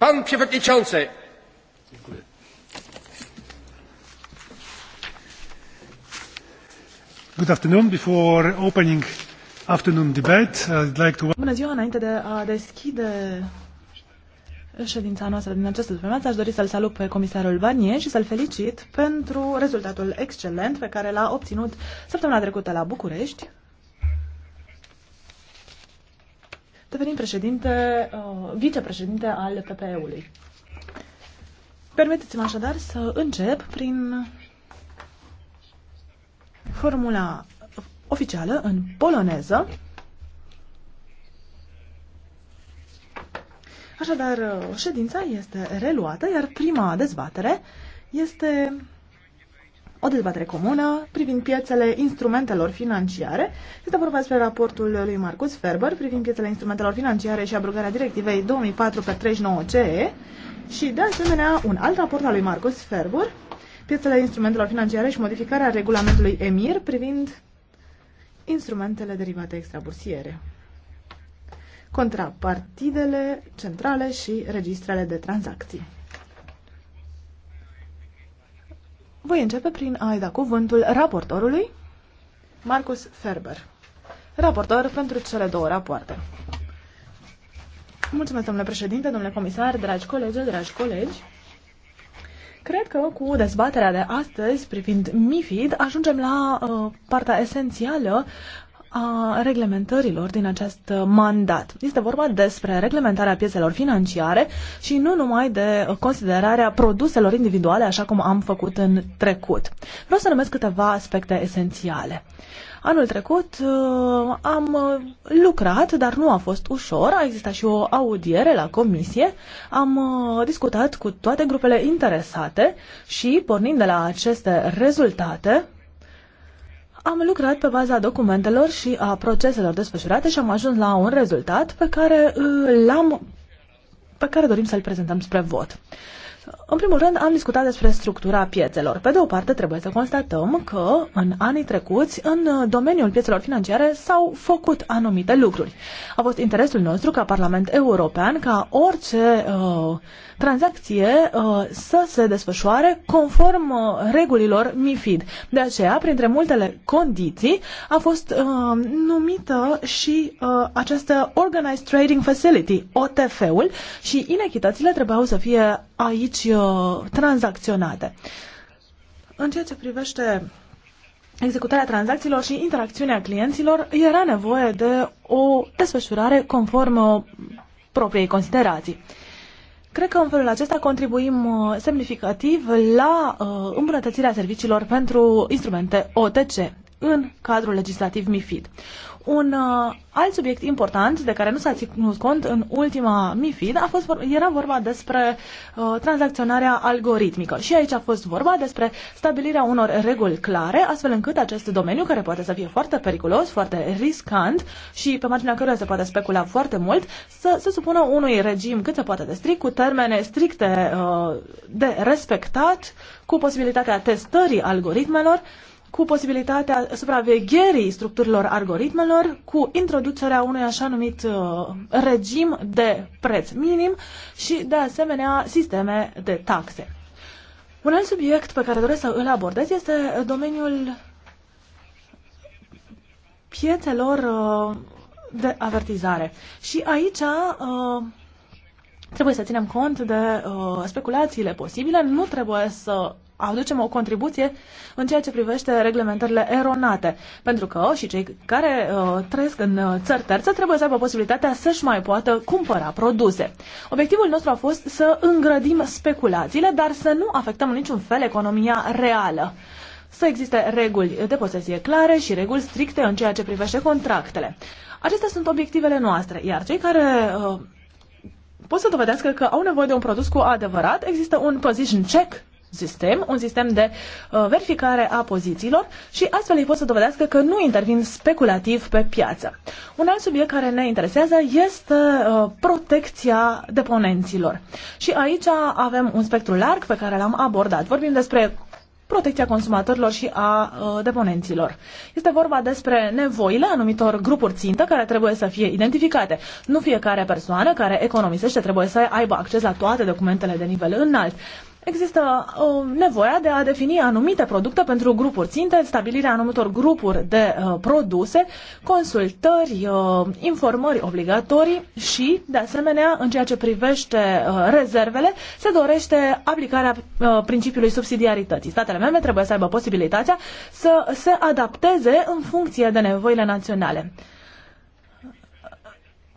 Pan Przewodniczący! Dziękuję. Good afternoon. Before opening afternoon debate, I'd like to... Bună ziua! Înainte de a deschide ședința noastră din această dimineață, aș dori să-l salut pe comisarul Barnier și să-l felicit pentru rezultatul excelent pe care l-a obținut săptămâna trecută la București devenind președinte, uh, vicepreședinte al PPE-ului. Permiteți-mi așadar să încep prin formula oficială în poloneză. Așadar, uh, ședința este reluată, iar prima dezbatere este o dezbatere comună privind piețele instrumentelor financiare. Este vorba despre raportul lui Marcus Ferber privind piețele instrumentelor financiare și abrogarea directivei 2004-39CE și, de asemenea, un alt raport al lui Marcus Ferber, piețele instrumentelor financiare și modificarea regulamentului EMIR privind instrumentele derivate extrabursiere, contrapartidele centrale și registrele de tranzacții. Voi începe prin a-i da cuvântul raportorului Marcus Ferber, raportor pentru cele două rapoarte. Mulțumesc, domnule președinte, domnule comisar, dragi colegi, dragi colegi. Cred că cu dezbaterea de astăzi privind MIFID ajungem la uh, partea esențială a reglementărilor din acest mandat. Este vorba despre reglementarea piețelor financiare și nu numai de considerarea produselor individuale, așa cum am făcut în trecut. Vreau să numesc câteva aspecte esențiale. Anul trecut uh, am lucrat, dar nu a fost ușor. A existat și o audiere la comisie. Am uh, discutat cu toate grupele interesate și, pornind de la aceste rezultate, am lucrat pe baza documentelor și a proceselor desfășurate și am ajuns la un rezultat pe care uh, l-am pe care dorim să-l prezentăm spre vot. În primul rând, am discutat despre structura piețelor. Pe de o parte, trebuie să constatăm că în anii trecuți, în domeniul piețelor financiare, s-au făcut anumite lucruri. A fost interesul nostru ca Parlament European ca orice uh, tranzacție uh, să se desfășoare conform uh, regulilor MIFID. De aceea, printre multele condiții, a fost uh, numită și uh, această Organized Trading Facility, OTF-ul, și inechitățile trebuiau să fie aici servicii uh, tranzacționate. În ceea ce privește executarea tranzacțiilor și interacțiunea clienților, era nevoie de o desfășurare conform uh, propriei considerații. Cred că în felul acesta contribuim uh, semnificativ la îmbunătățirea serviciilor pentru instrumente OTC în cadrul legislativ MIFID. Un uh, alt subiect important de care nu s-a ținut cont în ultima MIFID a fost, era vorba despre uh, tranzacționarea algoritmică și aici a fost vorba despre stabilirea unor reguli clare, astfel încât acest domeniu, care poate să fie foarte periculos, foarte riscant și pe marginea căruia se poate specula foarte mult, să se supună unui regim cât se poate de strict, cu termene stricte uh, de respectat, cu posibilitatea testării algoritmelor, uh, cu posibilitatea supravegherii structurilor algoritmelor, cu introducerea unui așa numit uh, regim de preț minim și, de asemenea, sisteme de taxe. Un alt subiect pe care doresc să îl abordez este domeniul piețelor uh, de avertizare. Și aici uh, trebuie să ținem cont de uh, speculațiile posibile, nu trebuie să aducem o contribuție în ceea ce privește reglementările eronate. Pentru că și cei care uh, trăiesc în uh, țări terțe trebuie să aibă posibilitatea să-și mai poată cumpăra produse. Obiectivul nostru a fost să îngrădim speculațiile, dar să nu afectăm în niciun fel economia reală să existe reguli de posesie clare și reguli stricte în ceea ce privește contractele. Acestea sunt obiectivele noastre, iar cei care uh, pot să dovedească că au nevoie de un produs cu adevărat, există un position check sistem, un sistem de uh, verificare a pozițiilor și astfel ei pot să dovedească că nu intervin speculativ pe piață. Un alt subiect care ne interesează este uh, protecția deponenților. Și aici avem un spectru larg pe care l-am abordat. Vorbim despre protecția consumatorilor și a uh, deponenților. Este vorba despre nevoile anumitor grupuri țintă care trebuie să fie identificate. Nu fiecare persoană care economisește trebuie să aibă acces la toate documentele de nivel înalt există uh, nevoia de a defini anumite producte pentru grupuri ținte, stabilirea anumitor grupuri de uh, produse, consultări, uh, informări obligatorii și, de asemenea, în ceea ce privește uh, rezervele, se dorește aplicarea uh, principiului subsidiarității. Statele membre trebuie să aibă posibilitatea să se adapteze în funcție de nevoile naționale.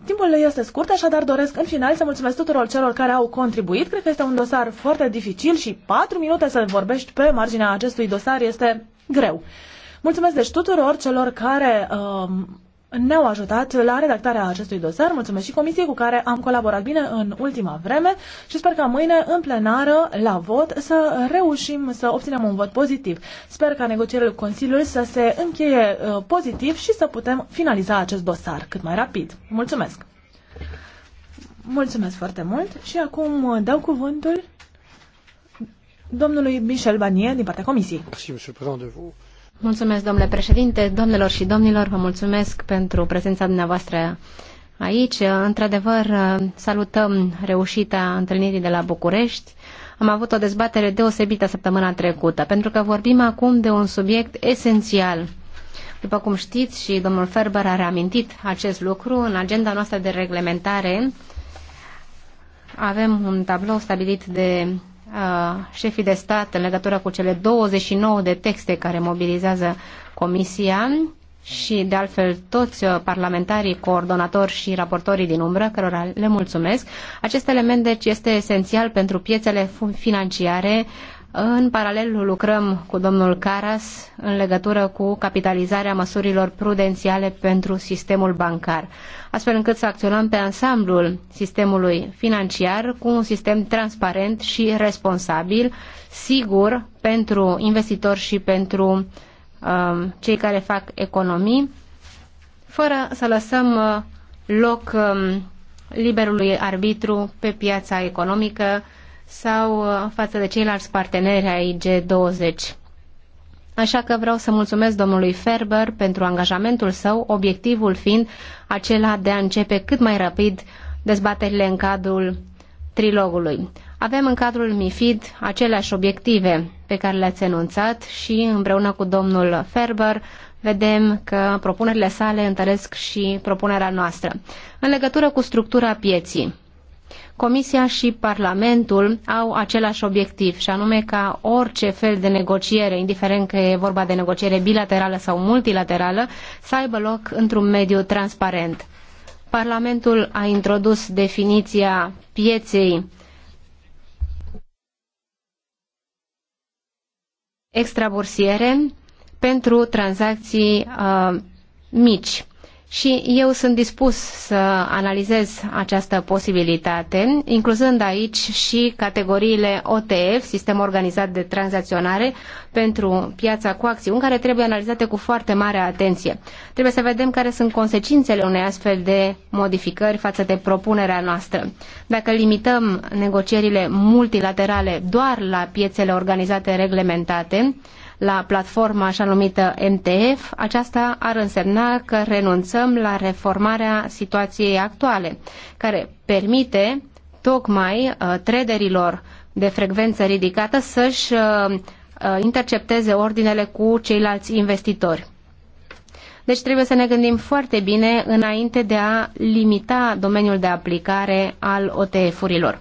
Timpul este scurt, așadar doresc în final să mulțumesc tuturor celor care au contribuit. Cred că este un dosar foarte dificil și patru minute să vorbești pe marginea acestui dosar este greu. Mulțumesc deci tuturor celor care um, ne-au ajutat la redactarea acestui dosar. Mulțumesc și comisiei cu care am colaborat bine în ultima vreme și sper ca mâine în plenară la vot să reușim să obținem un vot pozitiv. Sper ca negocierile cu Consiliul să se încheie uh, pozitiv și să putem finaliza acest dosar cât mai rapid. Mulțumesc! Mulțumesc foarte mult și acum uh, dau cuvântul domnului Michel Barnier din partea Comisiei. Merci, Mulțumesc, domnule președinte, domnilor și domnilor, vă mulțumesc pentru prezența dumneavoastră aici. Într-adevăr, salutăm reușita întâlnirii de la București. Am avut o dezbatere deosebită săptămâna trecută, pentru că vorbim acum de un subiect esențial. După cum știți și domnul Ferber a reamintit acest lucru, în agenda noastră de reglementare avem un tablou stabilit de șefii de stat în legătură cu cele 29 de texte care mobilizează Comisia și, de altfel, toți uh, parlamentarii, coordonatori și raportorii din umbră, cărora le mulțumesc. Acest element, deci, este esențial pentru piețele financiare în paralel lucrăm cu domnul Caras în legătură cu capitalizarea măsurilor prudențiale pentru sistemul bancar, astfel încât să acționăm pe ansamblul sistemului financiar cu un sistem transparent și responsabil, sigur pentru investitori și pentru uh, cei care fac economii, fără să lăsăm uh, loc uh, liberului arbitru pe piața economică, sau uh, față de ceilalți parteneri ai G20. Așa că vreau să mulțumesc domnului Ferber pentru angajamentul său, obiectivul fiind acela de a începe cât mai rapid dezbaterile în cadrul trilogului. Avem în cadrul MIFID aceleași obiective pe care le-ați enunțat și împreună cu domnul Ferber vedem că propunerile sale întăresc și propunerea noastră. În legătură cu structura pieții, Comisia și Parlamentul au același obiectiv și anume ca orice fel de negociere, indiferent că e vorba de negociere bilaterală sau multilaterală, să aibă loc într-un mediu transparent. Parlamentul a introdus definiția pieței extrabursiere pentru tranzacții uh, mici și eu sunt dispus să analizez această posibilitate, incluzând aici și categoriile OTF, Sistem Organizat de Tranzacționare, pentru piața cu acțiuni, care trebuie analizate cu foarte mare atenție. Trebuie să vedem care sunt consecințele unei astfel de modificări față de propunerea noastră. Dacă limităm negocierile multilaterale doar la piețele organizate reglementate, la platforma așa numită MTF, aceasta ar însemna că renunțăm la reformarea situației actuale, care permite tocmai uh, traderilor de frecvență ridicată să-și uh, uh, intercepteze ordinele cu ceilalți investitori. Deci trebuie să ne gândim foarte bine înainte de a limita domeniul de aplicare al OTF-urilor.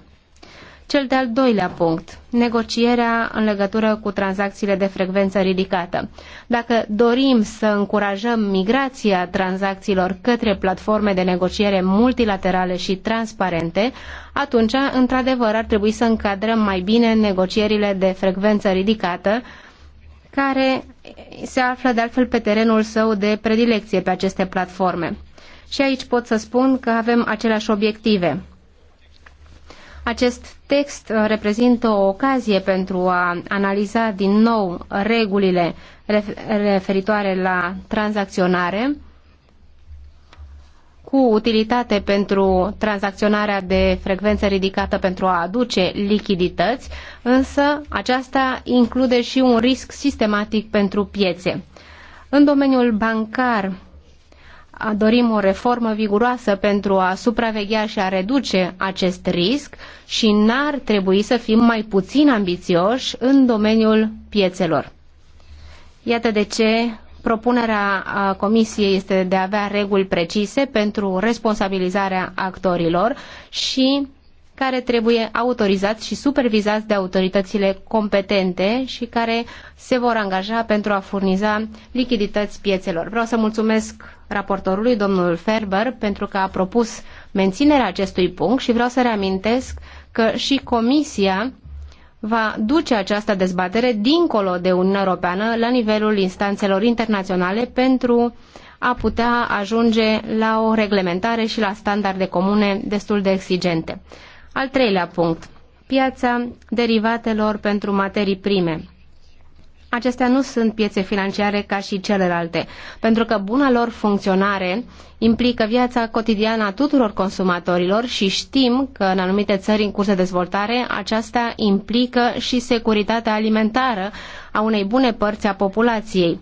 Cel de-al doilea punct, negocierea în legătură cu tranzacțiile de frecvență ridicată. Dacă dorim să încurajăm migrația tranzacțiilor către platforme de negociere multilaterale și transparente, atunci, într-adevăr, ar trebui să încadrăm mai bine negocierile de frecvență ridicată, care se află de altfel pe terenul său de predilecție pe aceste platforme. Și aici pot să spun că avem aceleași obiective acest text uh, reprezintă o ocazie pentru a analiza din nou regulile referitoare la tranzacționare cu utilitate pentru tranzacționarea de frecvență ridicată pentru a aduce lichidități, însă aceasta include și un risc sistematic pentru piețe. În domeniul bancar, dorim o reformă viguroasă pentru a supraveghea și a reduce acest risc și n-ar trebui să fim mai puțin ambițioși în domeniul piețelor. Iată de ce propunerea Comisiei este de a avea reguli precise pentru responsabilizarea actorilor și care trebuie autorizați și supervizați de autoritățile competente și care se vor angaja pentru a furniza lichidități piețelor. Vreau să mulțumesc raportorului, domnul Ferber, pentru că a propus menținerea acestui punct și vreau să reamintesc că și Comisia va duce această dezbatere dincolo de Uniunea Europeană la nivelul instanțelor internaționale pentru a putea ajunge la o reglementare și la standarde comune destul de exigente. Al treilea punct, piața derivatelor pentru materii prime. Acestea nu sunt piețe financiare ca și celelalte, pentru că buna lor funcționare implică viața cotidiană a tuturor consumatorilor și știm că în anumite țări în curs de dezvoltare aceasta implică și securitatea alimentară a unei bune părți a populației.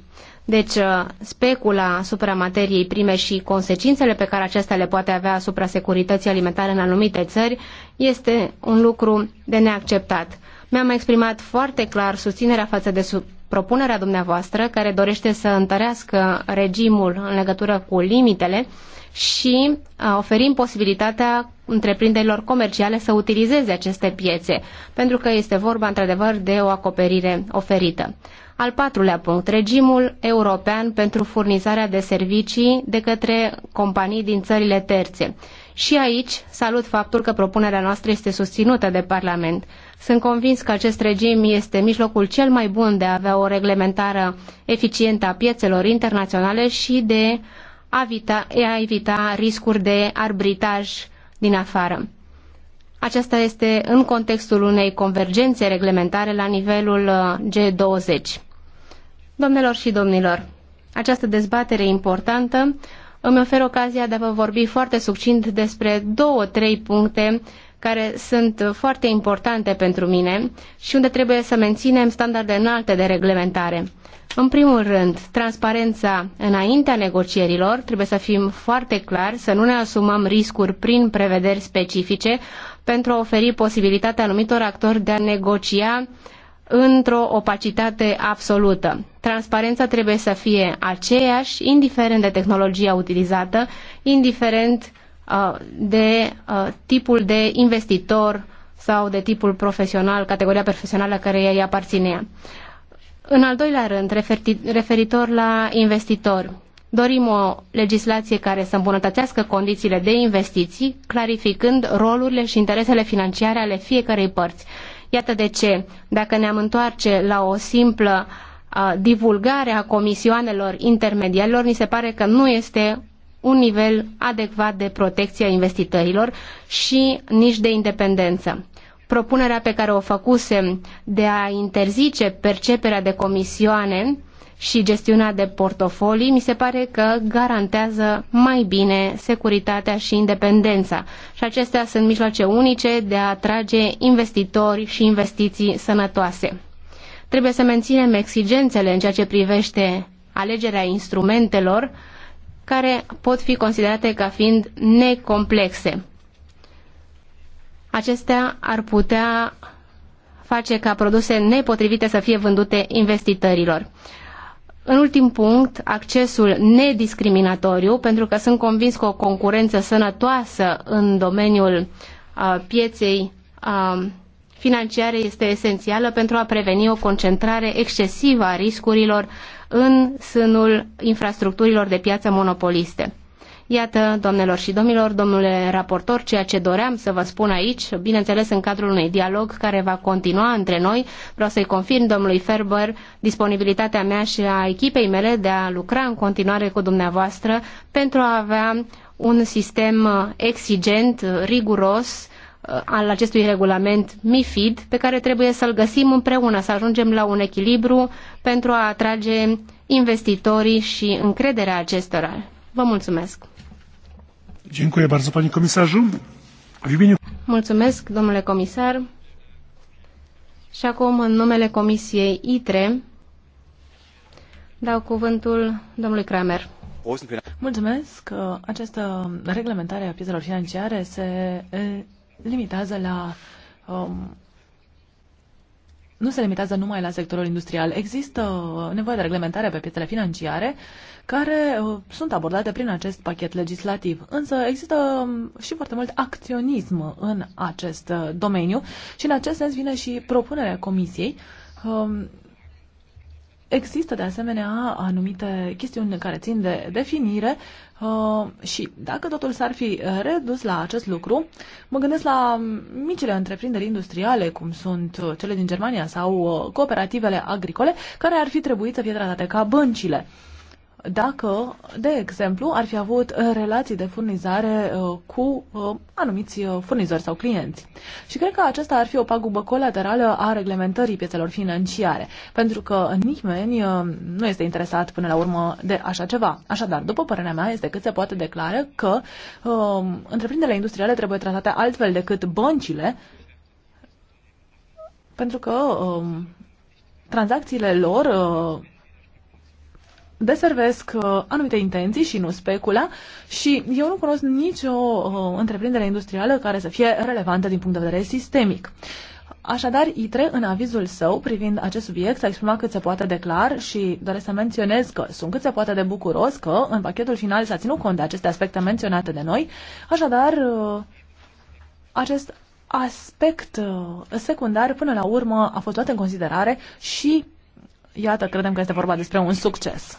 Deci, uh, specula asupra materiei prime și consecințele pe care acestea le poate avea asupra securității alimentare în anumite țări este un lucru de neacceptat. Mi-am exprimat foarte clar susținerea față de propunerea dumneavoastră care dorește să întărească regimul în legătură cu limitele și uh, oferim posibilitatea întreprinderilor comerciale să utilizeze aceste piețe, pentru că este vorba într-adevăr de o acoperire oferită. Al patrulea punct, regimul european pentru furnizarea de servicii de către companii din țările terțe. Și aici salut faptul că propunerea noastră este susținută de Parlament. Sunt convins că acest regim este mijlocul cel mai bun de a avea o reglementare eficientă a piețelor internaționale și de a evita, a evita riscuri de arbitraj din afară. Aceasta este în contextul unei convergențe reglementare la nivelul uh, G20. Domnilor și domnilor, această dezbatere importantă îmi ofer ocazia de a vă vorbi foarte succint despre două, trei puncte care sunt foarte importante pentru mine și unde trebuie să menținem standarde înalte de reglementare. În primul rând, transparența înaintea negocierilor, trebuie să fim foarte clari, să nu ne asumăm riscuri prin prevederi specifice pentru a oferi posibilitatea anumitor actori de a negocia uh, într-o opacitate absolută. Transparența trebuie să fie aceeași, indiferent de tehnologia utilizată, indiferent uh, de uh, tipul de investitor sau de tipul profesional, categoria profesională care îi aparține. În al doilea rând, referitor la investitori, dorim o legislație care să îmbunătățească condițiile de investiții, clarificând rolurile și interesele financiare ale fiecărei părți. Iată de ce, dacă ne-am întoarce la o simplă uh, divulgare a comisioanelor intermediarilor, ni se pare că nu este un nivel adecvat de protecție a investitorilor și nici de independență. Propunerea pe care o făcusem de a interzice perceperea de comisioane și gestiunea de portofolii, mi se pare că garantează mai bine securitatea și independența. Și acestea sunt mijloace unice de a atrage investitori și investiții sănătoase. Trebuie să menținem exigențele în ceea ce privește alegerea instrumentelor care pot fi considerate ca fiind necomplexe. Acestea ar putea face ca produse nepotrivite să fie vândute investitorilor. În ultim punct, accesul nediscriminatoriu, pentru că sunt convins că o concurență sănătoasă în domeniul uh, pieței uh, financiare este esențială pentru a preveni o concentrare excesivă a riscurilor în sânul infrastructurilor de piață monopoliste. Iată, domnilor și domnilor, domnule raportor, ceea ce doream să vă spun aici, bineînțeles în cadrul unui dialog care va continua între noi, vreau să-i confirm domnului Ferber disponibilitatea mea și a echipei mele de a lucra în continuare cu dumneavoastră pentru a avea un sistem exigent, riguros, uh, al acestui regulament MIFID, pe care trebuie să-l găsim împreună, să ajungem la un echilibru pentru a atrage investitorii și încrederea acestora. Vă mulțumesc! Dziękuję bardzo, panie komisarzu. Mulțumesc, domnule comisar. Și acum, în numele Comisiei ITRE, dau cuvântul domnului Kramer. Mulțumesc. Această reglementare a piețelor financiare se eh, limitează la um, nu se limitează numai la sectorul industrial. Există uh, nevoie de reglementare pe piețele financiare care uh, sunt abordate prin acest pachet legislativ. Însă există um, și foarte mult acționism în acest uh, domeniu și în acest sens vine și propunerea Comisiei um, Există de asemenea anumite chestiuni care țin de definire uh, și dacă totul s-ar fi redus la acest lucru, mă gândesc la micile întreprinderi industriale, cum sunt cele din Germania sau uh, cooperativele agricole, care ar fi trebuit să fie tratate ca băncile. Uh, dacă, de exemplu, ar fi avut uh, relații de furnizare uh, cu uh, anumiți furnizori sau clienți. Și cred că aceasta ar fi o pagubă colaterală a reglementării piețelor financiare, pentru că nimeni nu este interesat până la urmă de așa ceva. Așadar, după părerea mea, este cât se poate declară că um, întreprinderile industriale trebuie tratate altfel decât băncile, pentru că um, tranzacțiile lor deservesc uh, anumite intenții și nu specula și eu nu cunosc nicio uh, întreprindere industrială care să fie relevantă din punct de vedere sistemic. Așadar, ITRE, în avizul său privind acest subiect, s-a exprimat cât se poate de clar și doresc să menționez că sunt cât se poate de bucuros că în pachetul final s-a ținut cont de aceste aspecte menționate de noi. Așadar, uh, acest aspect uh, secundar până la urmă a fost luat în considerare și iată, credem că este vorba despre un succes.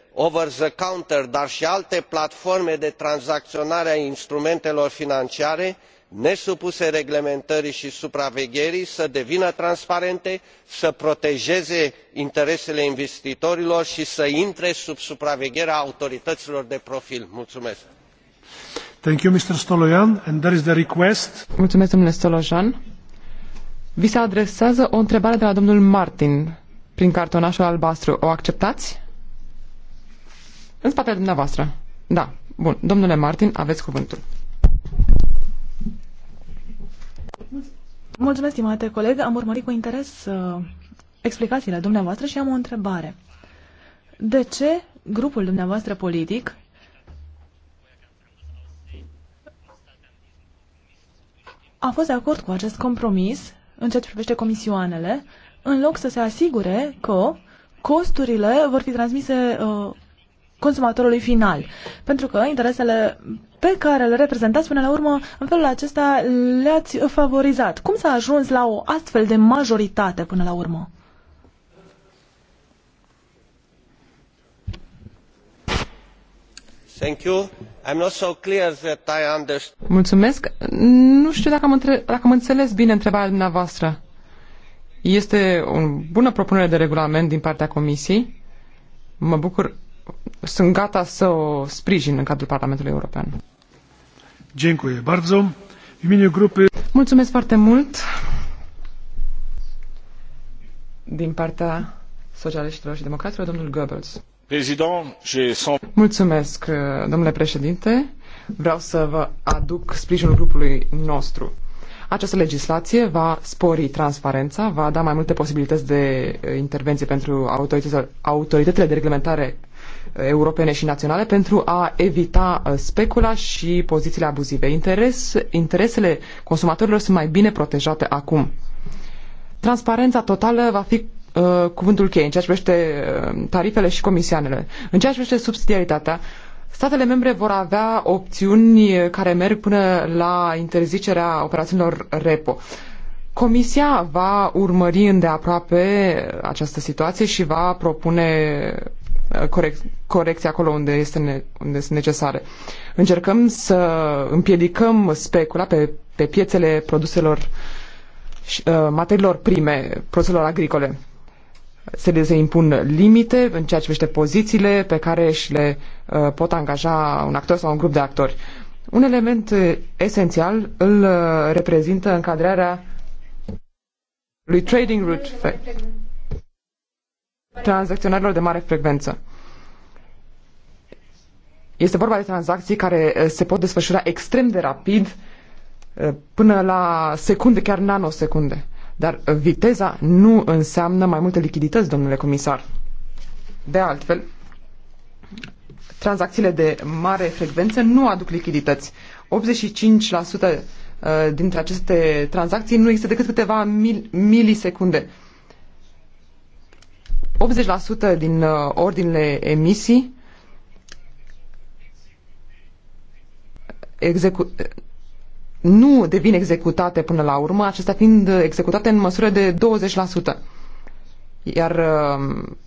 over the counter dar i alte platforme de tranzacionare a instrumentelor financiare nesupuse reglementării i supravegherii să devină transparente să protejeze interesele investitorilor i să intre sub supravegherea autorităilor de profil. vi se adresează o întrebare de la domnul martin prin cartonașul albastru o acceptați? În spatele dumneavoastră. Da. Bun. Domnule Martin, aveți cuvântul. Mulțumesc, stimate coleg. Am urmărit cu interes uh, explicațiile dumneavoastră și am o întrebare. De ce grupul dumneavoastră politic a fost de acord cu acest compromis în ceea ce privește comisioanele, în loc să se asigure că costurile vor fi transmise uh, consumatorului final. Pentru că interesele pe care le reprezentați până la urmă, în felul acesta le-ați favorizat. Cum s-a ajuns la o astfel de majoritate până la urmă? Thank you. I'm not so clear that I understand. Mulțumesc. Nu știu dacă am, între... dacă am înțeles bine întrebarea dumneavoastră. Este o bună propunere de regulament din partea Comisiei. Mă bucur sunt gata să o sprijin în cadrul Parlamentului European. Dziękuję bardzo. W imieniu grupy... Mulțumesc foarte mult din partea socialiștilor și democraților, domnul Goebbels. Mulțumesc, domnule președinte. Vreau să vă aduc sprijinul grupului nostru. Această legislație va spori transparența, va da mai multe posibilități de intervenție pentru autoritățile de reglementare europene și naționale pentru a evita uh, specula și pozițiile abuzive. Interes, interesele consumatorilor sunt mai bine protejate acum. Transparența totală va fi uh, cuvântul cheie în ceea ce privește uh, tarifele și comisioanele. În ceea ce privește subsidiaritatea, statele membre vor avea opțiuni care merg până la interzicerea operațiunilor repo. Comisia va urmări îndeaproape această situație și va propune corec- corecții acolo unde, este ne- unde sunt necesare. Încercăm să împiedicăm specula pe, pe piețele produselor, uh, materiilor prime, produselor agricole. Se, le impun limite în ceea ce vește pozițiile pe care și le uh, pot angaja un actor sau un grup de actori. Un element uh, esențial îl uh, reprezintă încadrarea lui Trading Route tranzacționărilor de mare frecvență. Este vorba de tranzacții care eh, se pot desfășura extrem de rapid, eh, până la secunde, chiar nanosecunde. Dar eh, viteza nu înseamnă mai multe lichidități, domnule comisar. De altfel, tranzacțiile de mare frecvență nu aduc lichidități. 85% dintre aceste tranzacții nu există decât câteva mil- milisecunde. 80% din uh, ordinele emisii execu- nu devin executate până la urmă, acestea fiind executate în măsură de 20%. Iar um,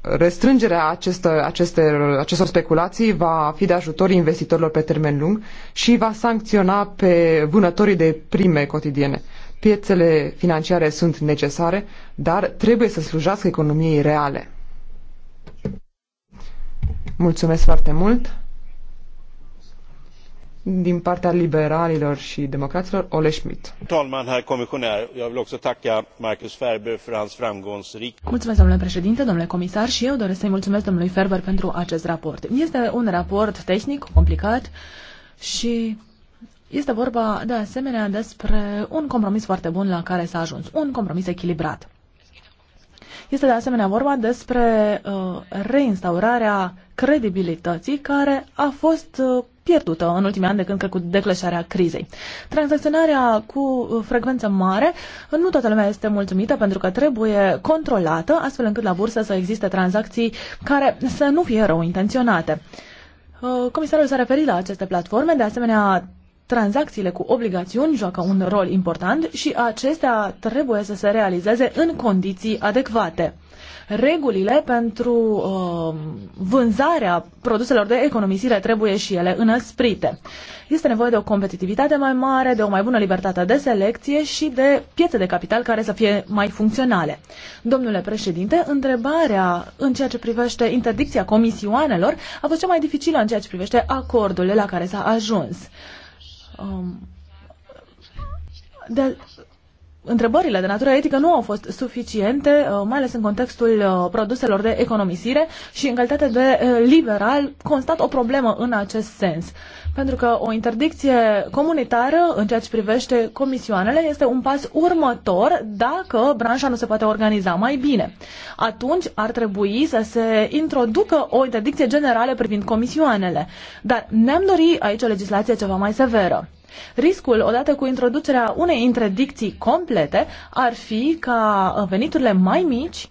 restrângerea aceste, aceste, acestor speculații va fi de ajutor investitorilor pe termen lung și va sancționa pe vânătorii de prime cotidiene. Piețele financiare sunt necesare, dar trebuie să slujească economiei reale. Mulțumesc foarte mult! Din partea liberalilor și democraților, Ole Schmidt. Talman, herr comisionar, eu vreau să tacă Marcus Ferber pentru hans framgångsrik. Mulțumesc, domnule președinte, domnule comisar, și eu doresc să-i mulțumesc domnului Ferber pentru acest raport. Este un raport tehnic, complicat și este vorba de asemenea despre un compromis foarte bun la care s-a ajuns, un compromis echilibrat. Este de asemenea vorba despre uh, reinstaurarea credibilității care a fost uh, pierdută în ultimii ani de când cu declășarea crizei. Tranzacționarea cu uh, frecvență mare, nu toată lumea este mulțumită pentru că trebuie controlată astfel încât la bursă să existe tranzacții care să nu fie rău intenționate. Uh, comisarul s-a referit la aceste platforme, de asemenea tranzacțiile cu obligațiuni joacă un rol important și acestea trebuie să se realizeze în condiții adecvate. Regulile pentru uh, vânzarea produselor de economisire trebuie și ele înăsprite. Este nevoie de o competitivitate mai mare, de o mai bună libertate de selecție și de piețe de capital care să fie mai funcționale. Domnule președinte, întrebarea în ceea ce privește interdicția comisioanelor a fost cea mai dificilă în ceea ce privește acordurile la care s-a ajuns. Uh, Um, de, întrebările de natură etică nu au fost suficiente, uh, mai ales în contextul uh, produselor de economisire și în calitate de uh, liberal constat o problemă în acest sens. Pentru că o interdicție comunitară în ceea ce privește comisioanele este un pas următor dacă branșa nu se poate organiza mai bine. Atunci ar trebui să se introducă o interdicție generală privind comisioanele. Dar ne-am dori aici o legislație ceva mai severă. Riscul, odată cu introducerea unei interdicții complete, ar fi ca veniturile mai mici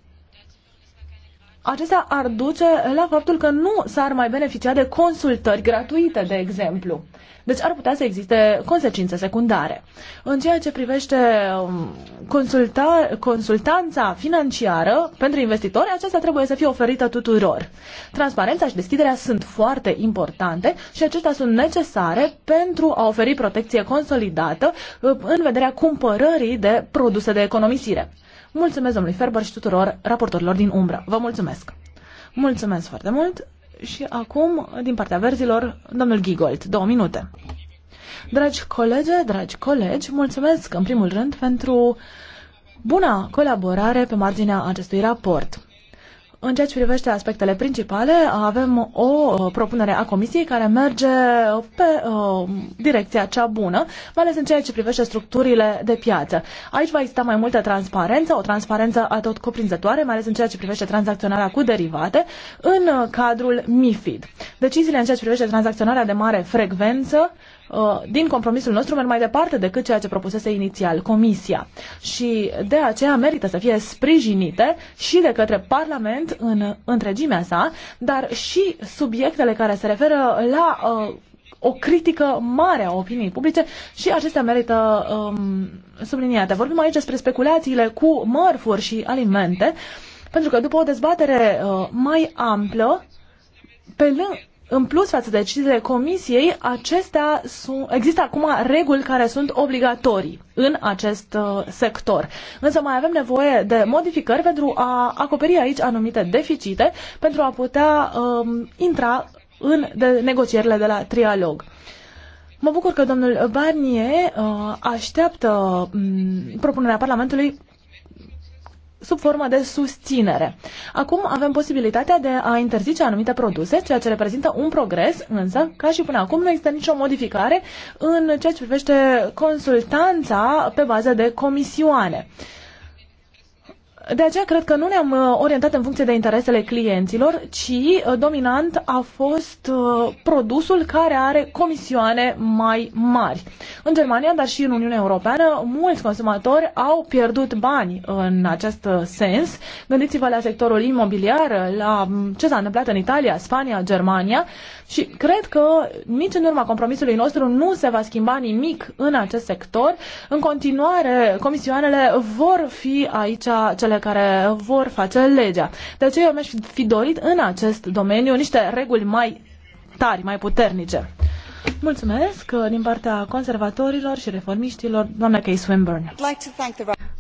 acestea ar duce la faptul că nu s-ar mai beneficia de consultări gratuite, de exemplu. Deci ar putea să existe consecințe secundare. În ceea ce privește um, consulta, consultanța financiară pentru investitori, aceasta trebuie să fie oferită tuturor. Transparența și deschiderea sunt foarte importante și acestea sunt necesare pentru a oferi protecție consolidată uh, în vederea cumpărării de produse de economisire. Mulțumesc domnului Ferber și tuturor raportorilor din umbră. Vă mulțumesc! Mulțumesc foarte mult! Și acum, din partea verzilor, domnul Gigold, două minute. Dragi colegi, dragi colegi, mulțumesc în primul rând pentru buna colaborare pe marginea acestui raport. În ceea ce privește aspectele principale, avem o uh, propunere a Comisiei care merge uh, pe uh, direcția cea bună, mai ales în ceea ce privește structurile de piață. Aici va exista mai multă transparență, o transparență atot cuprinzătoare, mai ales în ceea ce privește tranzacționarea cu derivate, în uh, cadrul MIFID. Deciziile în ceea ce privește tranzacționarea de mare frecvență uh, Uh, din compromisul nostru merg mai departe decât ceea ce propusese inițial Comisia. Și de aceea merită să fie sprijinite și de către Parlament în întregimea sa, dar și subiectele care se referă la uh, o critică mare a opiniei publice și acestea merită um, subliniate. Vorbim aici despre speculațiile cu mărfuri și alimente, pentru că după o dezbatere uh, mai amplă, pe lângă în plus față de deciziile comisiei, acestea sunt, există acum reguli care sunt obligatorii în acest uh, sector. Însă mai avem nevoie de modificări pentru a acoperi aici anumite deficite, pentru a putea um, intra în de negocierile de la trialog. Mă bucur că domnul Barnier uh, așteaptă um, propunerea Parlamentului sub formă de susținere. Acum avem posibilitatea de a interzice anumite produse, ceea ce reprezintă un progres, însă, ca și până acum, nu există nicio modificare în ceea ce privește consultanța pe bază de comisioane. Uh, de aceea cred că nu ne-am uh, orientat în funcție de interesele clienților, ci uh, dominant a fost uh, produsul care are comisioane mai mari. În Germania, dar și în Uniunea Europeană, mulți consumatori au pierdut bani în acest sens. Gândiți-vă la sectorul imobiliar, la mm, ce s-a întâmplat în Italia, Spania, Germania și cred că nici în urma compromisului nostru nu se va schimba nimic în acest sector. În continuare, comisioanele vor fi aici cele cele care vor face legea. De aceea eu mi-aș fi dorit în acest domeniu niște reguli mai tari, mai puternice. Mulțumesc uh, din partea conservatorilor și reformiștilor, doamna Kay Swinburne.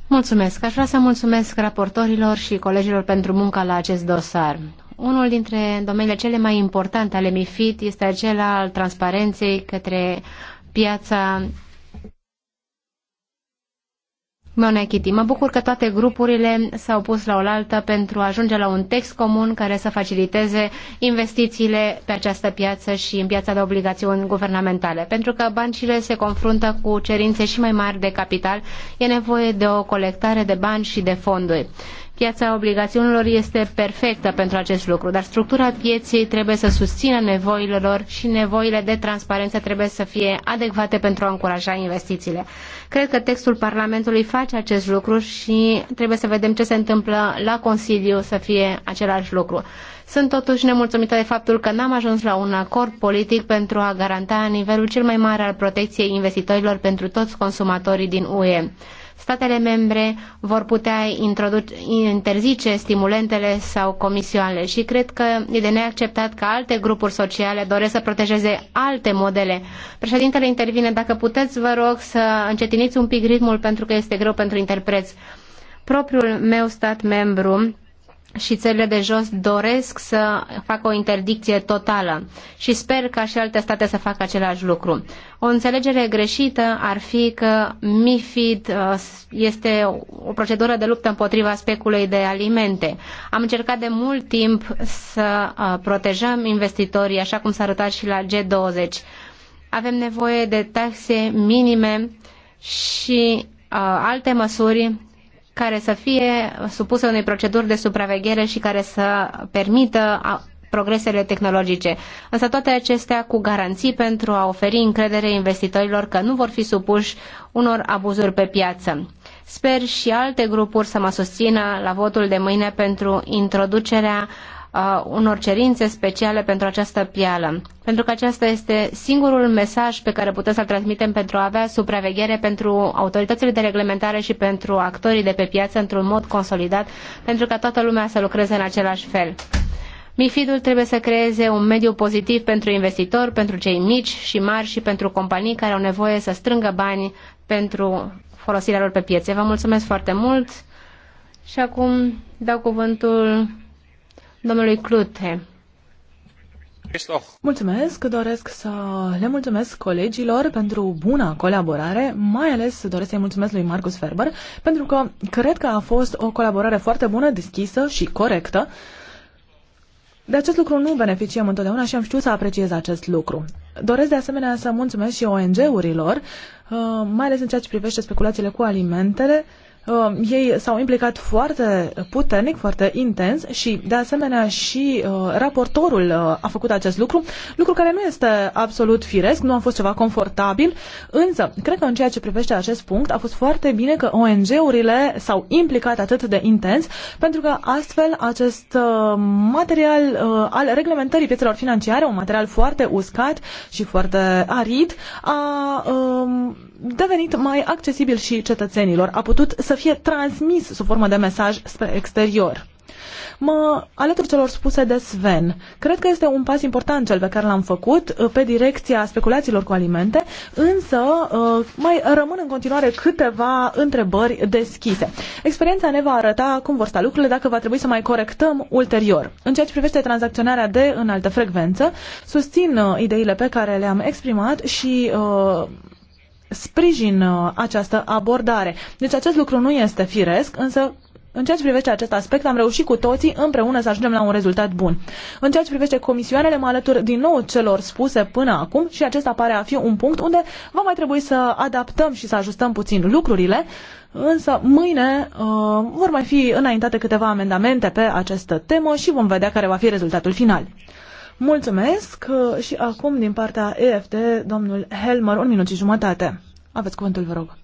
Mulțumesc. Aș vrea să mulțumesc raportorilor și colegilor pentru munca la acest dosar. Unul dintre domeniile cele mai importante ale MIFID este acela al transparenței către piața Monechiti. Mă bucur că toate grupurile s-au pus la oaltă pentru a ajunge la un text comun care să faciliteze investițiile pe această piață și în piața de obligațiuni guvernamentale. Pentru că bancile se confruntă cu cerințe și mai mari de capital, e nevoie de o colectare de bani și de fonduri. Piața obligațiunilor este perfectă pentru acest lucru, dar structura pieței trebuie să susțină nevoile lor și nevoile de transparență trebuie să fie adecvate pentru a încuraja investițiile. Cred că textul Parlamentului face acest lucru și trebuie să vedem ce se întâmplă la Consiliu să fie același lucru. Sunt totuși nemulțumită de faptul că n-am ajuns la un acord politic pentru a garanta nivelul cel mai mare al protecției investitorilor pentru toți consumatorii din UE. Statele membre vor putea interzice stimulentele sau comisioanele și cred că e de neacceptat că alte grupuri sociale doresc să protejeze alte modele. Președintele intervine, dacă puteți, vă rog să încetiniți un pic ritmul pentru că este greu pentru interpreți. Propriul meu stat membru și țările de jos doresc să facă o interdicție totală și sper ca și alte state să facă același lucru. O înțelegere greșită ar fi că MIFID uh, este o procedură de luptă împotriva speculei de alimente. Am încercat de mult timp să uh, protejăm investitorii, așa cum s-a arătat și la G20. Avem nevoie de taxe minime și uh, alte măsuri care să fie supuse unei proceduri de supraveghere și care să permită progresele tehnologice. Însă toate acestea cu garanții pentru a oferi încredere investitorilor că nu vor fi supuși unor abuzuri pe piață. Sper și alte grupuri să mă susțină la votul de mâine pentru introducerea uh, uh, unor cerințe speciale pentru această pială. Pentru că acesta este singurul mesaj pe care putem să-l transmitem pentru a avea supraveghere pentru autoritățile de reglementare și pentru actorii de pe piață într-un mod consolidat, pentru ca toată lumea să lucreze în același fel. MIFID-ul trebuie să creeze un mediu pozitiv pentru investitori, pentru cei mici și mari și pentru companii care au nevoie să strângă bani pentru folosirea lor pe piețe. Vă mulțumesc foarte mult și acum dau cuvântul domnului Clute. Mulțumesc, doresc să le mulțumesc colegilor pentru buna colaborare, mai ales doresc să-i mulțumesc lui Marcus Ferber, pentru că cred că a fost o colaborare foarte bună, deschisă și corectă. De acest lucru nu beneficiem întotdeauna și am știut să apreciez acest lucru. Doresc de asemenea să mulțumesc și ONG-urilor, uh, mai ales în ceea ce privește speculațiile cu alimentele, Uh, ei s-au implicat foarte puternic, foarte intens și, de asemenea, și uh, raportorul uh, a făcut acest lucru, lucru care nu este absolut firesc, nu a fost ceva confortabil, însă, cred că în ceea ce privește acest punct, a fost foarte bine că ONG-urile s-au implicat atât de intens, pentru că astfel acest uh, material uh, al reglementării piețelor financiare, un material foarte uscat și foarte arid, a um, devenit mai accesibil și cetățenilor, a putut să fie transmis sub formă de mesaj spre exterior. Mă alătur celor spuse de Sven. Cred că este un pas important cel pe care l-am făcut uh, pe direcția speculațiilor cu alimente, însă uh, mai rămân în continuare câteva întrebări deschise. Experiența ne va arăta cum vor sta lucrurile dacă va trebui să mai corectăm ulterior. În ceea ce privește tranzacționarea de înaltă frecvență, susțin uh, ideile pe care le-am exprimat și uh, sprijin uh, această abordare. Deci acest lucru nu este firesc, însă în ceea ce privește acest aspect, am reușit cu toții împreună să ajungem la un rezultat bun. În ceea ce privește comisioanele, mă alătur din nou celor spuse până acum și acesta pare a fi un punct unde va mai trebui să adaptăm și să ajustăm puțin lucrurile, însă mâine uh, vor mai fi înaintate câteva amendamente pe această temă și vom vedea care va fi rezultatul final. Mulțumesc uh, și acum din partea EFD, domnul Helmer, un minut și jumătate. Aveți cuvântul, vă rog.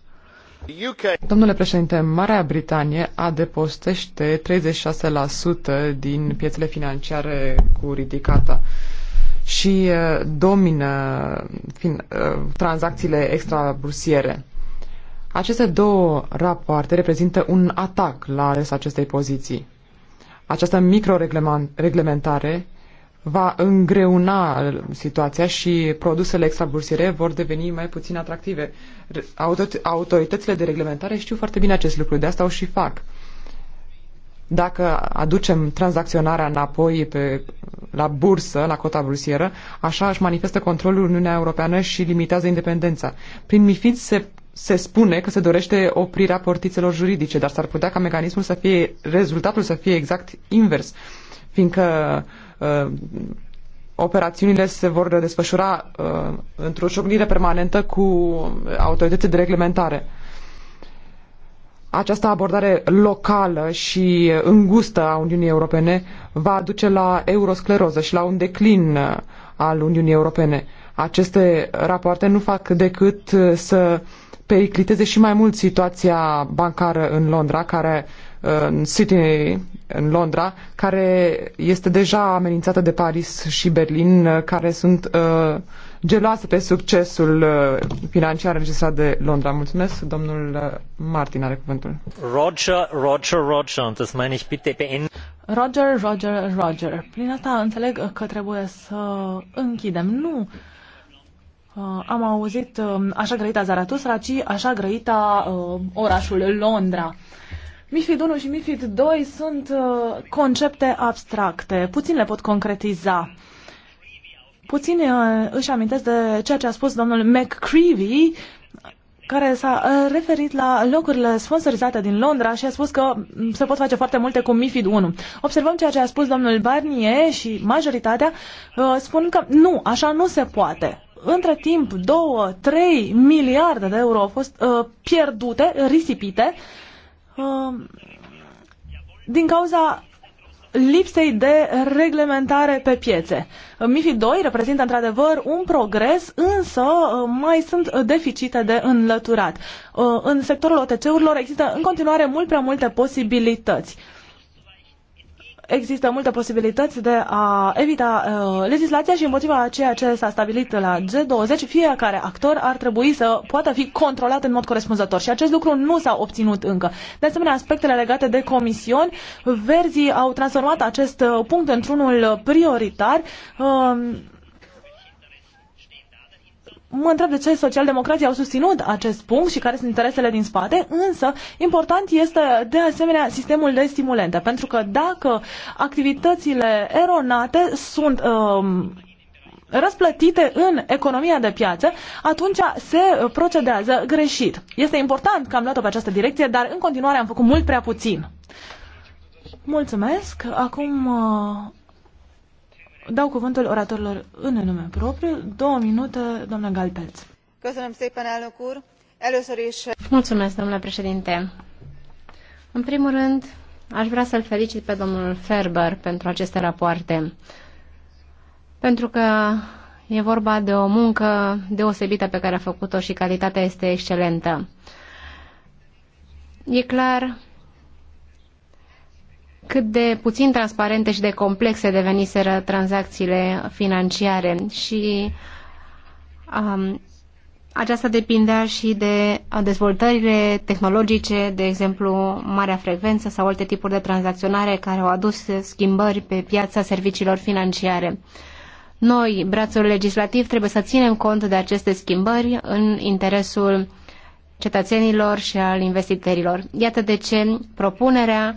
UK. Domnule președinte, Marea Britanie adepostește 36% din piețele financiare cu ridicata și uh, domină fin, uh, tranzacțiile extrabursiere. Aceste două rapoarte reprezintă un atac la adresa acestei poziții. Această microreglementare va îngreuna situația și produsele extrabursiere vor deveni mai puțin atractive. Autoritățile de reglementare știu foarte bine acest lucru, de asta o și fac. Dacă aducem tranzacționarea înapoi pe, la bursă, la cota bursieră, așa își manifestă controlul Uniunea Europeană și limitează independența. Prin MIFID se se spune că se dorește oprirea portițelor juridice, dar s-ar putea ca mecanismul să fie, rezultatul să fie exact invers, fiindcă uh, Uh, operațiunile se vor desfășura uh, într-o ciocnire permanentă cu autoritățile de reglementare. Această abordare locală și îngustă a Uniunii Europene va duce la euroscleroză și la un declin uh, al Uniunii Europene. Aceste rapoarte nu fac decât uh, să uh, pericliteze și mai mult situația bancară în Londra, care uh, în City, în Londra, care este deja amenințată de Paris și Berlin, uh, care sunt uh, geloase pe succesul financiar înregistrat de Londra. Mulțumesc, domnul Martin are cuvântul. Roger, Roger, Roger, das meine ich bitte beenden. Roger, Roger, Roger. Prin asta înțeleg că trebuie să închidem. Nu Uh, am auzit uh, așa grăita Zaratustra, ci așa grăita uh, orașul Londra. Mifid 1 și Mifid 2 sunt uh, concepte abstracte, puțin le pot concretiza. Puțin uh, își amintesc de ceea ce a spus domnul McCreevy, care s-a uh, referit la locurile sponsorizate din Londra și a spus că mm, se pot face foarte multe cu MIFID 1. Observăm ceea ce a spus domnul Barnier și majoritatea uh, spun că nu, așa nu se poate între timp 2-3 miliarde de euro au fost uh, pierdute, risipite, uh, din cauza lipsei de reglementare pe piețe. Uh, MIFID 2 reprezintă într-adevăr un progres, însă uh, mai sunt deficite de înlăturat. Uh, în sectorul OTC-urilor există în continuare mult prea multe posibilități există multe posibilități de a evita uh, legislația și în motiva ceea ce s-a stabilit la G20, fiecare actor ar trebui să poată fi controlat în mod corespunzător și acest lucru nu s-a obținut încă. De asemenea, aspectele legate de comisiuni, verzii au transformat acest uh, punct într-unul prioritar. Uh, mă întreb de ce socialdemocrații au susținut acest punct și care sunt interesele din spate, însă important este de asemenea sistemul de stimulente, pentru că dacă activitățile eronate sunt um, răsplătite în economia de piață, atunci se procedează greșit. Este important că am luat-o pe această direcție, dar în continuare am făcut mult prea puțin. Mulțumesc. Acum uh, Dau cuvântul oratorilor în nume propriu. Două minute, doamna Galpelț. Eh, Mulțumesc, domnule președinte. În primul rând, aș vrea să-l felicit pe domnul Ferber pentru aceste rapoarte. Pentru că e vorba de o muncă deosebită pe care a făcut-o și calitatea este excelentă. E clar cât de puțin transparente și de complexe deveniseră tranzacțiile financiare și um, aceasta depindea și de dezvoltările tehnologice, de exemplu, marea frecvență sau alte tipuri de tranzacționare care au adus schimbări pe piața serviciilor financiare. Noi, brațul legislativ, trebuie să ținem cont de aceste schimbări în interesul cetățenilor și al investitorilor. Iată de ce propunerea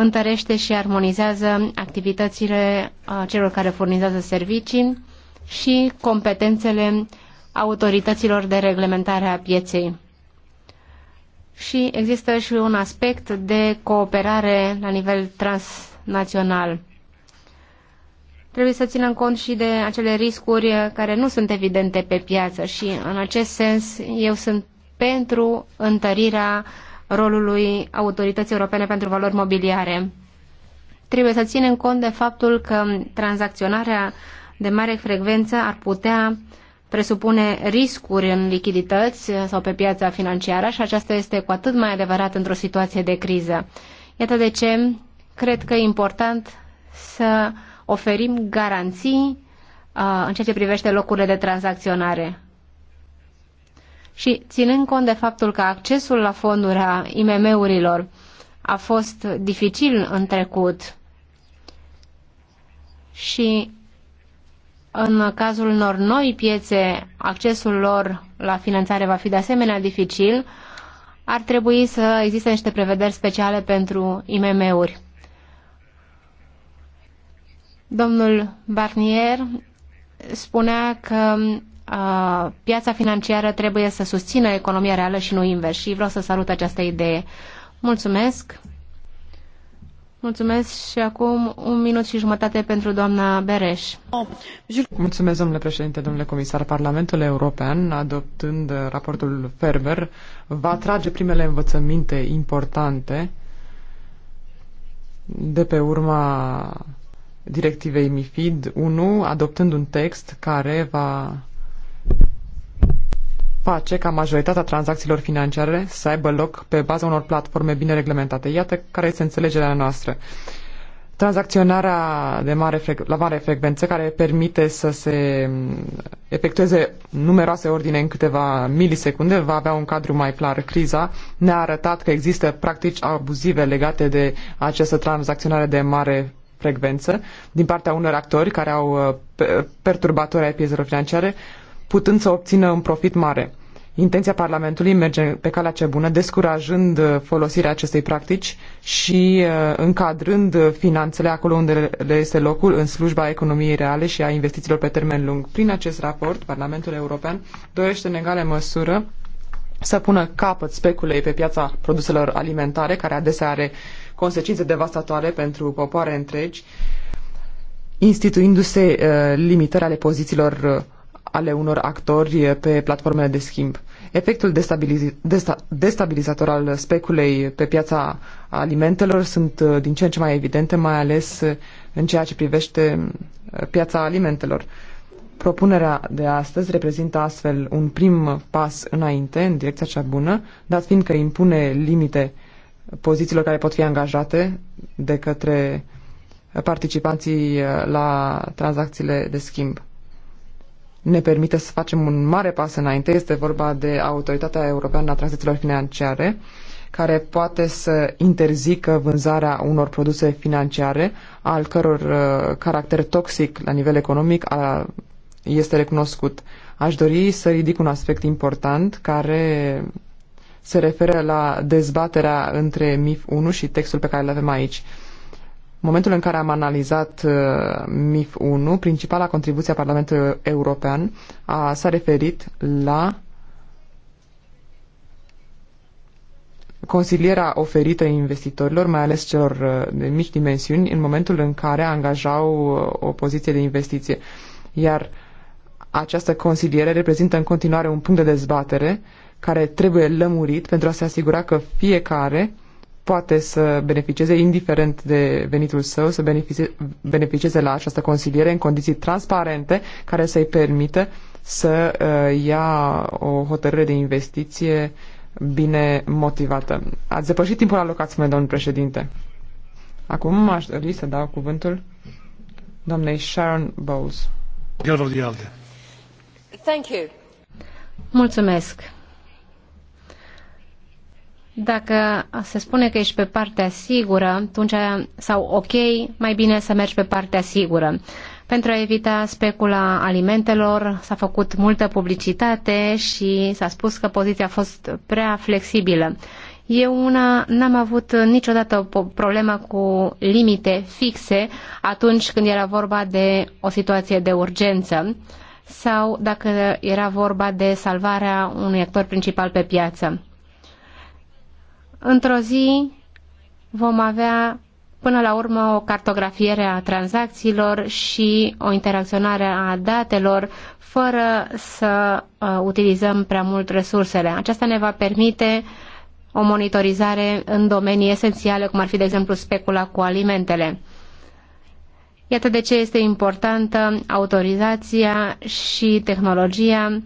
întărește și armonizează activitățile celor care furnizează servicii și competențele autorităților de reglementare a pieței. Și există și un aspect de cooperare la nivel transnațional. Trebuie să ținem cont și de acele riscuri care nu sunt evidente pe piață și în acest sens eu sunt pentru întărirea uh, rolului Autorității Europene pentru Valori Mobiliare. Trebuie să ținem cont de faptul că tranzacționarea de mare frecvență ar putea presupune riscuri în lichidități sau pe piața financiară și aceasta este cu atât mai adevărat într-o situație de criză. Iată de ce cred că e important să oferim garanții uh, în ceea ce privește locurile de tranzacționare și ținând cont de faptul că accesul la fonduri a IMM-urilor a fost dificil în trecut și în cazul unor noi piețe, accesul lor la finanțare va fi de asemenea dificil, ar trebui să existe niște prevederi speciale pentru IMM-uri. Domnul Barnier spunea că Uh, piața financiară trebuie să susțină economia reală și nu invers și vreau să salut această idee. Mulțumesc! Mulțumesc și acum un minut și jumătate pentru doamna Bereș. Mulțumesc, domnule președinte, domnule comisar. Parlamentul European, adoptând raportul Ferber, va trage primele învățăminte importante de pe urma directivei MIFID 1, adoptând un text care va face ca majoritatea tranzacțiilor financiare să aibă loc pe baza unor platforme bine reglementate. Iată care este înțelegerea noastră. Tranzacționarea de mare la mare frecvență care permite să se mm, efectueze numeroase ordine în câteva milisecunde va avea un cadru mai clar. Criza ne-a arătat că există practici abuzive legate de această tranzacționare de mare frecvență din partea unor actori care au uh, perturbatori ai piețelor financiare, putând să obțină un profit mare. Intenția Parlamentului merge pe calea cea bună, descurajând uh, folosirea acestei practici și uh, încadrând finanțele acolo unde le este locul, în slujba economiei reale și a investițiilor pe termen lung. Prin acest raport, Parlamentul European dorește în egală măsură să pună capăt speculei pe piața produselor alimentare, care adesea are consecințe devastatoare pentru popoare întregi, instituindu-se uh, limitări ale pozițiilor ale unor actori pe platformele de schimb. Efectul destabiliz- desta- destabilizator al speculei pe piața alimentelor sunt uh, din ce în ce mai evidente, mai ales uh, în ceea ce privește uh, piața alimentelor. Propunerea de astăzi reprezintă astfel un prim pas înainte, în direcția cea bună, dat fiind că impune limite pozițiilor care pot fi angajate de către participanții la tranzacțiile de schimb ne permite să facem un mare pas înainte. Este vorba de Autoritatea Europeană a Tranzacțiilor Financiare, care poate să interzică vânzarea unor produse financiare, al căror uh, caracter toxic la nivel economic a, este recunoscut. Aș dori să ridic un aspect important care se referă la dezbaterea între MIF 1 și textul pe care îl avem aici. Uh, momentul în care am analizat uh, MIF 1, principala contribuție a Parlamentului European a, s-a referit la consilierea oferită investitorilor, mai ales celor uh, de mici dimensiuni, în momentul în care angajau uh, o poziție de investiție. Iar această consiliere reprezintă în continuare un punct de dezbatere care trebuie lămurit pentru a se asigura că fiecare uh, poate să beneficieze, indiferent de venitul său, să beneficie, beneficieze la această consiliere în condiții transparente care să-i permită să uh, ia o hotărâre de investiție bine motivată. Ați depășit timpul alocat, spune domnul președinte. Acum aș dori să dau cuvântul doamnei Sharon Bowles. Thank you. Mulțumesc. Dacă se spune că ești pe partea sigură, atunci, sau ok, mai bine să mergi pe partea sigură. Pentru a evita specula alimentelor, s-a făcut multă publicitate și s-a spus că poziția a fost prea flexibilă. Eu una n-am avut niciodată o problemă cu limite fixe atunci când era vorba de o situație de urgență sau dacă era vorba de salvarea unui actor principal pe piață într-o zi vom avea până la urmă o cartografiere a tranzacțiilor și o interacționare a datelor fără să uh, utilizăm prea mult resursele. Aceasta ne va permite o monitorizare în domenii esențiale, cum ar fi, de exemplu, specula cu alimentele. Iată de ce este importantă autorizația și tehnologia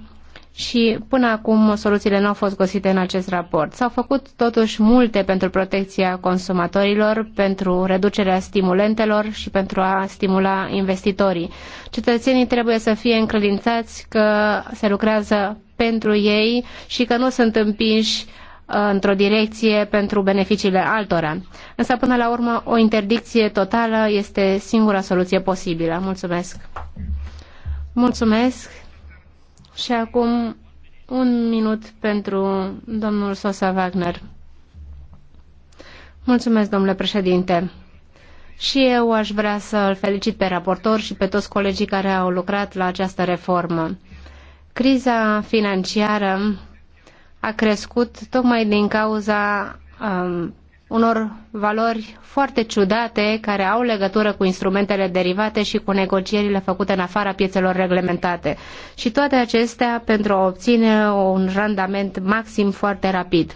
și până acum soluțiile nu au fost găsite în acest raport. S-au făcut totuși multe pentru protecția consumatorilor, pentru reducerea stimulentelor și pentru a stimula investitorii. Cetățenii trebuie să fie încredințați că se lucrează pentru ei și că nu sunt împinși uh, într-o direcție pentru beneficiile altora. Însă, până la urmă, o interdicție totală este singura soluție posibilă. Mulțumesc! Mulțumesc! Și acum un minut pentru domnul Sosa Wagner. Mulțumesc, domnule președinte. Și eu aș vrea să îl felicit pe raportor și pe toți colegii care au lucrat la această reformă. Criza financiară a crescut tocmai din cauza um, unor valori foarte ciudate care au legătură cu instrumentele derivate și cu negocierile făcute în afara piețelor reglementate. Și toate acestea pentru a obține un randament maxim foarte rapid.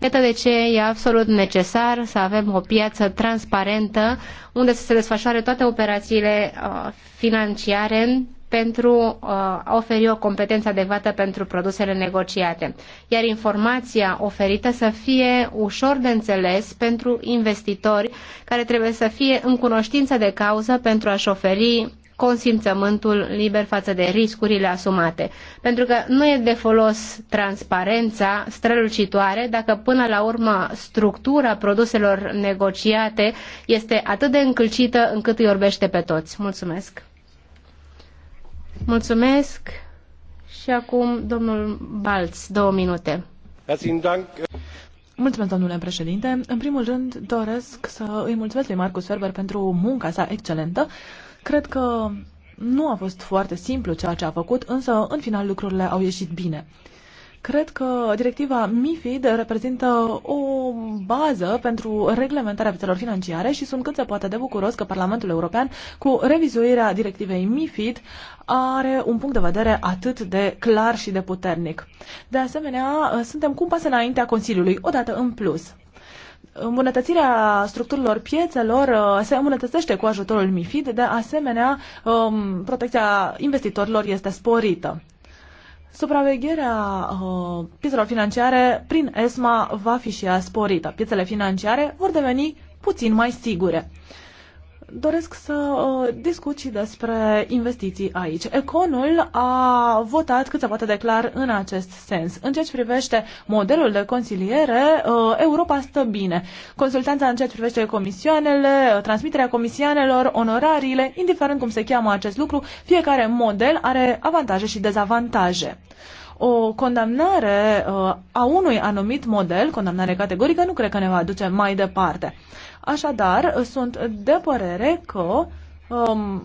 Iată de ce e absolut necesar să avem o piață transparentă unde să se desfășoare toate operațiile uh, financiare pentru uh, a oferi o competență adecvată pentru produsele negociate, iar informația oferită să fie ușor de înțeles pentru investitori care trebuie să fie în cunoștință de cauză pentru a-și oferi consimțământul liber față de riscurile asumate. Pentru că nu e de folos transparența strălucitoare dacă până la urmă structura produselor negociate este atât de încălcită încât îi orbește pe toți. Mulțumesc! Mulțumesc și acum domnul Balț, două minute. Mulțumesc, domnule președinte. În primul rând, doresc să îi mulțumesc lui Marcus Ferber pentru munca sa excelentă. Cred că nu a fost foarte simplu ceea ce a făcut, însă, în final, lucrurile au ieșit bine. Cred că directiva MIFID reprezintă o bază pentru reglementarea piețelor financiare și sunt cât se poate de bucuros că Parlamentul European, cu revizuirea directivei MIFID, are un punct de vedere atât de clar și de puternic. De asemenea, suntem cu un pas înaintea Consiliului, odată în plus. Îmbunătățirea structurilor piețelor uh, se îmbunătățește cu ajutorul MIFID, de asemenea, um, protecția investitorilor este sporită. Supravegherea uh, piețelor financiare prin ESMA va fi și ea sporită. Piețele financiare vor deveni puțin mai sigure doresc să uh, discut și despre investiții aici. Econul a votat cât se poate declar în acest sens. În ceea ce privește modelul de consiliere, uh, Europa stă bine. Consultanța în ceea ce privește comisioanele, transmiterea comisioanelor, onorariile, indiferent cum se cheamă acest lucru, fiecare model are avantaje și dezavantaje o condamnare uh, a unui anumit model, condamnare categorică, nu cred că ne va duce mai departe. Așadar, sunt de părere că um,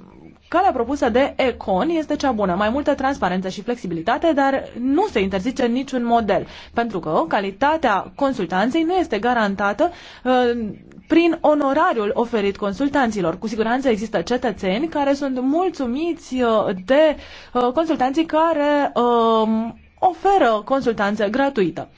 calea propusă de Econ este cea bună. Mai multă transparență și flexibilitate, dar nu se interzice niciun model, pentru că calitatea consultanței nu este garantată uh, prin onorariul oferit consultanților. Cu siguranță există cetățeni care sunt mulțumiți uh, de uh, consultanții care uh, oferă consultanță gratuită.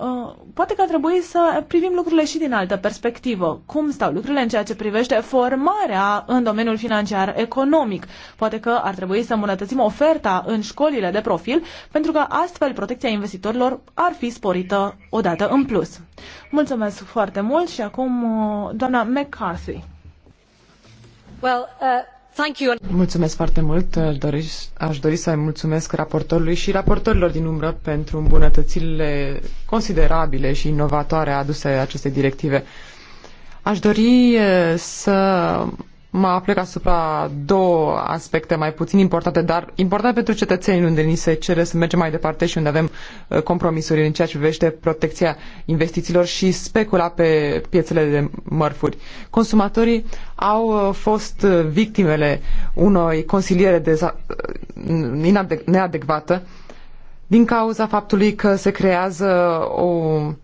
Uh, poate că ar trebui să privim lucrurile și din altă perspectivă. Cum stau lucrurile în ceea ce privește formarea în domeniul financiar economic? Poate că ar trebui să îmbunătățim oferta în școlile de profil, pentru că astfel protecția investitorilor ar fi sporită odată în plus. Mulțumesc foarte mult și acum uh, doamna McCarthy. Well, uh... Mulțumesc foarte mult. Dori, aș dori să-i mulțumesc raportorului și raportorilor din umbră pentru îmbunătățirile considerabile și inovatoare aduse acestei directive. Aș dori eh, să Mă aplec asupra două aspecte mai puțin importante, dar importante pentru cetățenii unde ni se cere să mergem mai departe și unde avem uh, compromisuri în ceea ce privește protecția investițiilor și specula pe piețele de mărfuri. Consumatorii au uh, fost uh, victimele unei consiliere neadecvată din cauza faptului că se creează o um,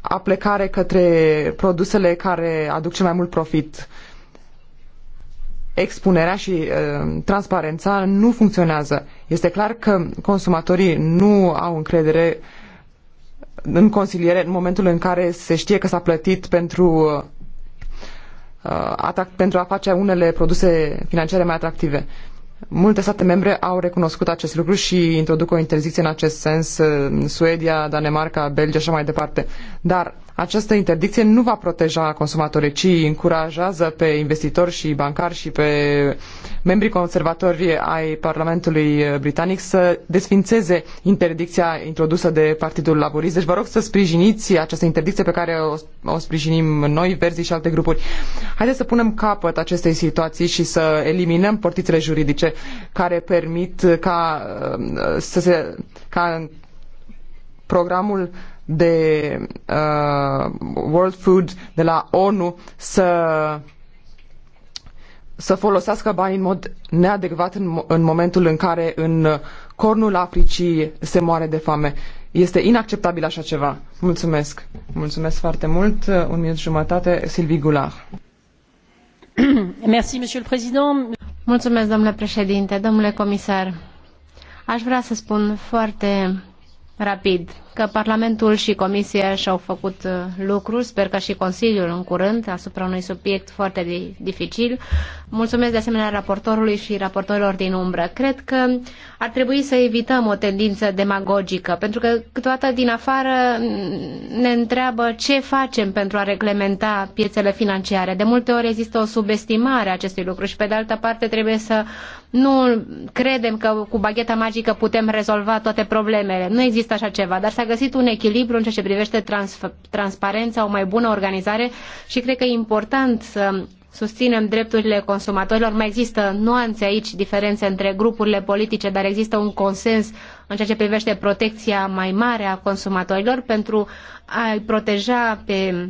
aplecare către produsele care aduc cel mai mult profit expunerea și uh, transparența nu funcționează. Este clar că consumatorii nu au încredere în consiliere în momentul în care se știe că s-a plătit pentru, uh, atac, pentru a face unele produse financiare mai atractive. Multe state membre au recunoscut acest lucru și introduc o interzicție în acest sens, uh, Suedia, Danemarca, Belgia și așa mai departe. Dar această interdicție nu va proteja consumatorii, ci încurajează pe investitori și bancari și pe membrii conservatori ai Parlamentului Britanic să desfințeze interdicția introdusă de Partidul Laborist. Deci vă rog să sprijiniți această interdicție pe care o, o sprijinim noi, Verzii și alte grupuri. Haideți să punem capăt acestei situații și să eliminăm portițele juridice care permit ca uh, să se ca programul de uh, World Food, de la ONU, să, să folosească bani în mod neadecvat în, în momentul în care în cornul Africii se moare de foame. Este inacceptabil așa ceva. Mulțumesc. Mulțumesc foarte mult. Un minut și jumătate, Silvi Gular. Merci, monsieur le président. Mulțumesc, domnule președinte, domnule comisar. Aș vrea să spun foarte rapid că Parlamentul și Comisia și-au făcut uh, lucruri, sper că și Consiliul în curând, asupra unui subiect foarte dificil. Mulțumesc de asemenea raportorului și raportorilor din umbră. Cred că ar trebui să evităm o tendință demagogică, pentru că câteodată din afară mm, ne întreabă ce facem pentru a reglementa piețele financiare. De multe ori există o subestimare a acestui lucru și pe de altă parte trebuie să nu credem că cu bagheta magică putem rezolva toate problemele. Nu există așa ceva, dar să s-a găsit un echilibru în ceea ce privește trans- transparența, o mai bună organizare și cred că e important să susținem drepturile consumatorilor. Mai există nuanțe aici, diferențe între grupurile politice, dar există un consens în ceea ce privește protecția mai mare a consumatorilor pentru a-i proteja pe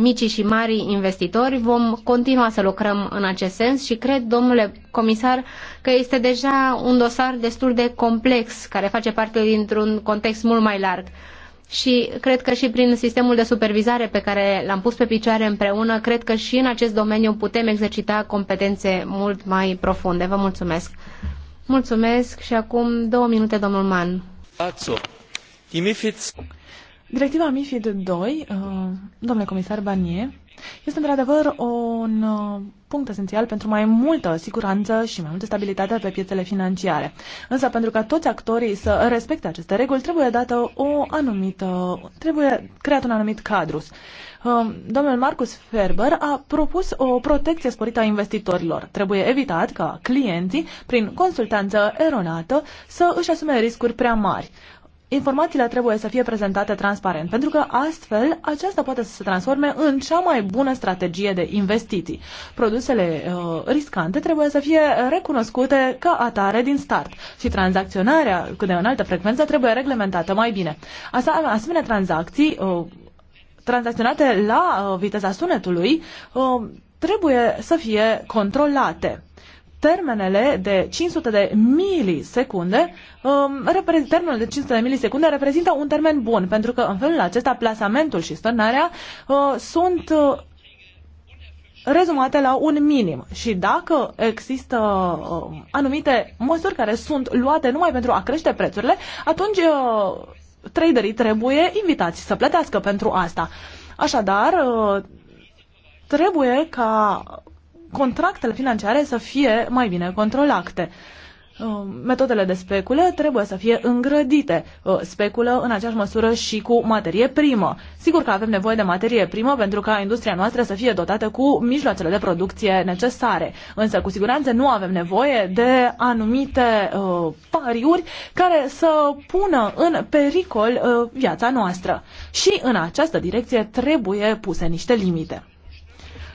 micii și mari investitori. Vom continua să lucrăm în acest sens și cred, domnule comisar, că este deja un dosar destul de complex, care face parte dintr-un context mult mai larg. Și cred că și prin sistemul de supervizare pe care l-am pus pe picioare împreună, cred că și în acest domeniu putem exercita competențe mult mai profunde. Vă mulțumesc! Mulțumesc și acum două minute, domnul Mann. Directiva MIFID 2, uh, domnule comisar Barnier, este într-adevăr un uh, punct esențial pentru mai multă siguranță și mai multă stabilitate pe piețele financiare. Însă, pentru ca toți actorii să respecte aceste reguli, trebuie dată o anumită, trebuie creat un anumit cadru. Uh, domnul Marcus Ferber a propus o protecție sporită a investitorilor. Trebuie evitat ca clienții, prin consultanță eronată, să își asume riscuri prea mari informațiile trebuie să fie prezentate transparent, pentru că astfel aceasta poate să se transforme în cea mai bună strategie de investiții. Produsele uh, riscante trebuie să fie recunoscute ca atare din start și tranzacționarea cu de înaltă frecvență trebuie reglementată mai bine. Asta, asemenea tranzacții uh, tranzacționate la uh, viteza sunetului uh, trebuie să fie controlate termenele de 500 de milisecunde, um, termenul de 500 de milisecunde reprezintă un termen bun, pentru că în felul acesta plasamentul și stârnarea uh, sunt uh, rezumate la un minim. Și dacă există uh, anumite măsuri care sunt luate numai pentru a crește prețurile, atunci uh, traderii trebuie invitați să plătească pentru asta. Așadar, uh, trebuie ca contractele financiare să fie mai bine controlate. Uh, metodele de speculă trebuie să fie îngrădite. Uh, speculă în aceeași măsură și cu materie primă. Sigur că avem nevoie de materie primă pentru ca industria noastră să fie dotată cu mijloacele de producție necesare. Însă, cu siguranță, nu avem nevoie de anumite uh, pariuri care să pună în pericol uh, viața noastră. Și în această direcție trebuie puse niște limite.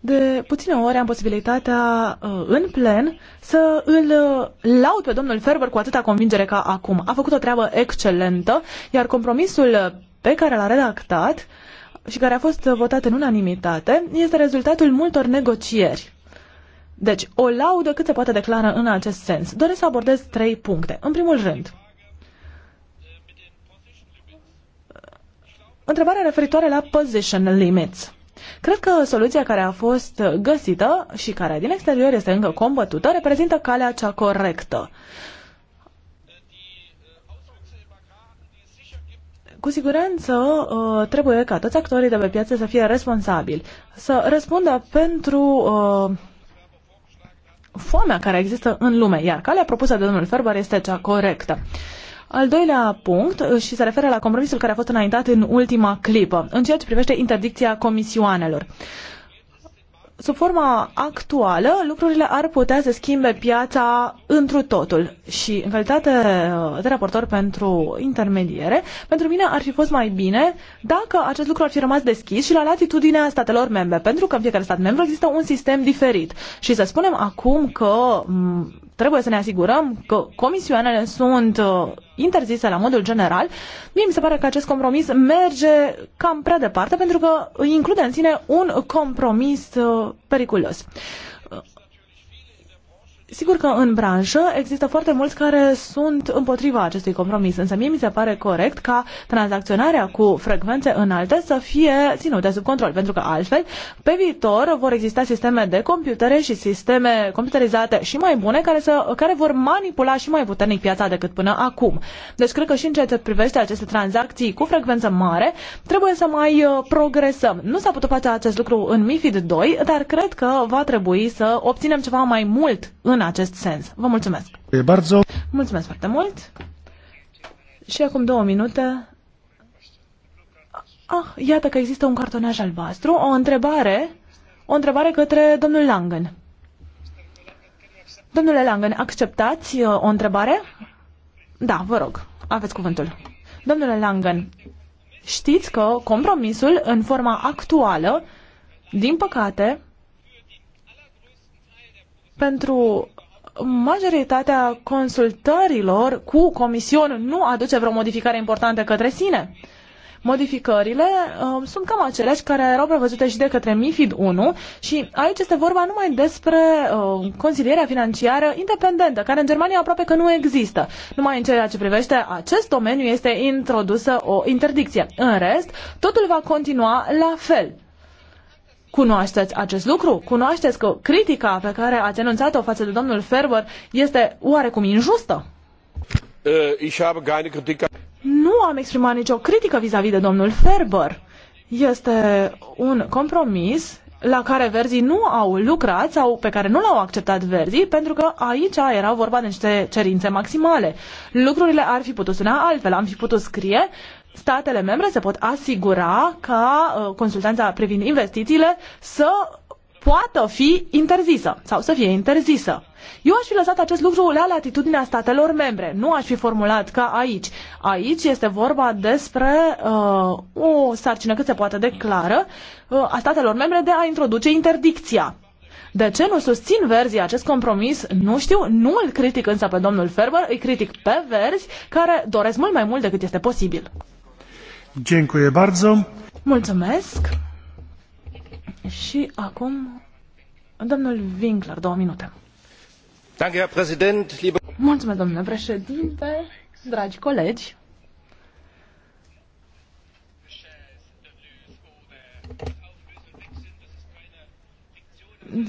De puține ori am posibilitatea uh, în plen să îl uh, laud pe domnul Ferber cu atâta convingere ca acum. A făcut o treabă excelentă, iar compromisul pe care l-a redactat și care a fost votat în unanimitate este rezultatul multor negocieri. Deci, o laudă cât se poate declară în acest sens. Doresc să abordez trei puncte. În primul rând, întrebarea referitoare la position limits. Cred că soluția care a fost găsită și care din exterior este încă combătută reprezintă calea cea corectă. cu siguranță uh, trebuie ca toți actorii de pe piață să fie responsabili, să răspundă pentru uh, foamea care există în lume, iar calea propusă de domnul Ferber este cea corectă. Al doilea punct uh, și se referă la compromisul care a fost înaintat în ultima clipă, în ceea ce privește interdicția comisioanelor. Sub forma actuală, lucrurile ar putea să schimbe piața întru totul și în calitate uh, de raportor pentru intermediere, pentru mine ar fi fost mai bine dacă acest lucru ar fi rămas deschis și la latitudinea statelor membre, pentru că în fiecare stat membru există un sistem diferit. Și să spunem acum că trebuie să ne asigurăm că comisioanele sunt uh, interzise la modul general, mie mi se pare că acest compromis merge cam prea departe pentru că include în sine un compromis uh, periculos. Sigur că în branșă există foarte mulți care sunt împotriva acestui compromis, însă mie mi se pare corect ca tranzacționarea cu frecvențe înalte să fie ținută sub control, pentru că altfel pe viitor vor exista sisteme de computere și sisteme computerizate și mai bune care, să, care vor manipula și mai puternic piața decât până acum. Deci cred că și în ceea ce privește aceste tranzacții cu frecvență mare, trebuie să mai uh, progresăm. Nu s-a putut face acest lucru în MIFID 2, dar cred că va trebui să obținem ceva mai mult în în acest sens. Vă mulțumesc! Mulțumesc foarte mult! Și acum două minute... Ah, iată că există un cartonaj albastru, o întrebare, o întrebare către domnul Langen. Domnule Langen, acceptați uh, o întrebare? Da, vă rog, aveți cuvântul. Domnule Langen, știți că compromisul în forma actuală, din păcate, pentru majoritatea consultărilor cu comision nu aduce vreo modificare importantă către sine. Modificările uh, sunt cam aceleași care erau prevăzute și de către MIFID 1 și aici este vorba numai despre uh, consilierea financiară independentă, care în Germania aproape că nu există. Numai în ceea ce privește acest domeniu este introdusă o interdicție. În rest, totul va continua la fel Cunoașteți acest lucru? Cunoașteți că critica pe care ați enunțat-o față de domnul Ferber este oarecum injustă? Äh, nu am exprimat nicio critică vis-a-vis -vis de domnul Ferber. Este un compromis la care verzii nu au lucrat sau pe care nu l-au acceptat verzii, pentru că aici era vorba de niște cerințe maximale. Lucrurile ar fi putut suna altfel, am fi putut scrie statele membre se pot asigura ca uh, consultanța privind investițiile să poată fi interzisă sau să fie interzisă. Eu aș fi lăsat acest lucru la latitudinea statelor membre, nu aș fi formulat ca aici. Aici este vorba despre uh, o sarcină cât se poate declară uh, a statelor membre de a introduce interdicția. De ce nu susțin verzii acest compromis? Nu știu, nu îl critic însă pe domnul Ferber, îi critic pe verzi care doresc mult mai mult decât este posibil. Dziękuję bardzo. Mulțumesc. Și acum, domnul Winkler, două minute. Danke, Herr Präsident, liebe... Mulțumesc, domnule președinte, dragi colegi.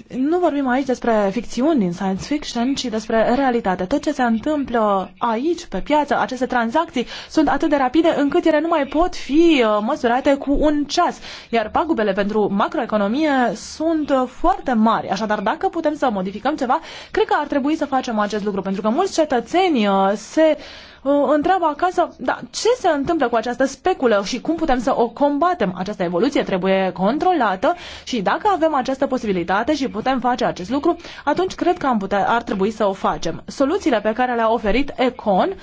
nu vorbim aici despre ficțiuni din science fiction, ci despre realitate. Tot ce se întâmplă aici, pe piață, aceste tranzacții sunt atât de rapide încât ele nu mai pot fi uh, măsurate cu un ceas. Iar pagubele pentru macroeconomie sunt uh, foarte mari. Așadar, dacă putem să modificăm ceva, cred că ar trebui să facem acest lucru, pentru că mulți cetățeni uh, se uh, întreabă acasă, da, ce se întâmplă cu această speculă și cum putem să o combatem? Această evoluție trebuie controlată și dacă avem această posibilitate și putem face acest lucru, atunci cred că am putea, ar trebui să o facem. Soluțiile pe care le-a oferit Econ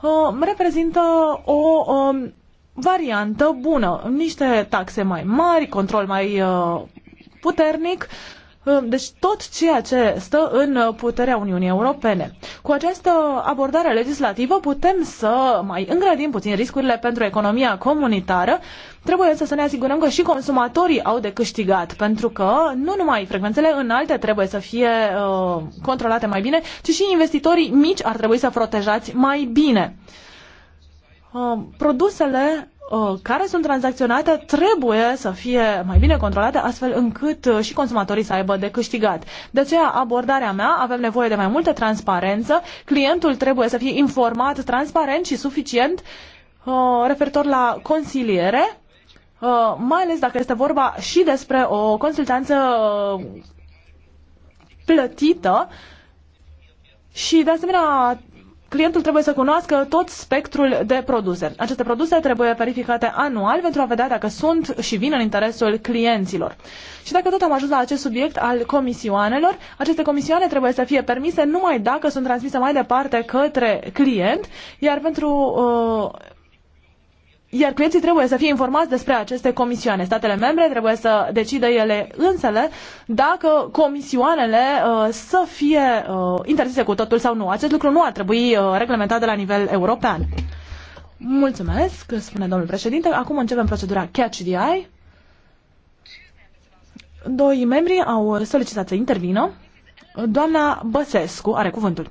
uh, reprezintă o uh, variantă bună, niște taxe mai mari, control mai uh, puternic, uh, deci tot ceea ce stă în puterea Uniunii Europene. Cu această abordare legislativă putem să mai îngrădim puțin riscurile pentru economia comunitară. Trebuie să ne asigurăm că și consumatorii au de câștigat, pentru că nu numai frecvențele înalte trebuie să fie uh, controlate mai bine, ci și investitorii mici ar trebui să protejați mai bine. Uh, produsele Uh, care sunt tranzacționate trebuie să fie mai bine controlate astfel încât uh, și consumatorii să aibă de câștigat. De aceea, abordarea mea, avem nevoie de mai multă transparență, clientul trebuie să fie informat transparent și suficient uh, referitor la consiliere, mai ales dacă este vorba și despre o consultanță plătită și de asemenea clientul trebuie să cunoască tot spectrul de produse. Aceste produse trebuie verificate anual pentru a vedea dacă sunt și vin în interesul clienților. Și dacă tot am ajuns la acest subiect al comisioanelor, aceste comisioane trebuie să fie permise numai dacă sunt transmise mai departe către client, iar pentru uh, iar clienții trebuie să fie informați despre aceste comisioane. Statele membre trebuie să decidă ele însele dacă comisioanele uh, să fie uh, interzise cu totul sau nu. Acest lucru nu ar trebui uh, reglementat de la nivel european. Mulțumesc, spune domnul președinte. Acum începem procedura Catch the Eye. Doi membri au solicitat să intervină. Doamna Băsescu are cuvântul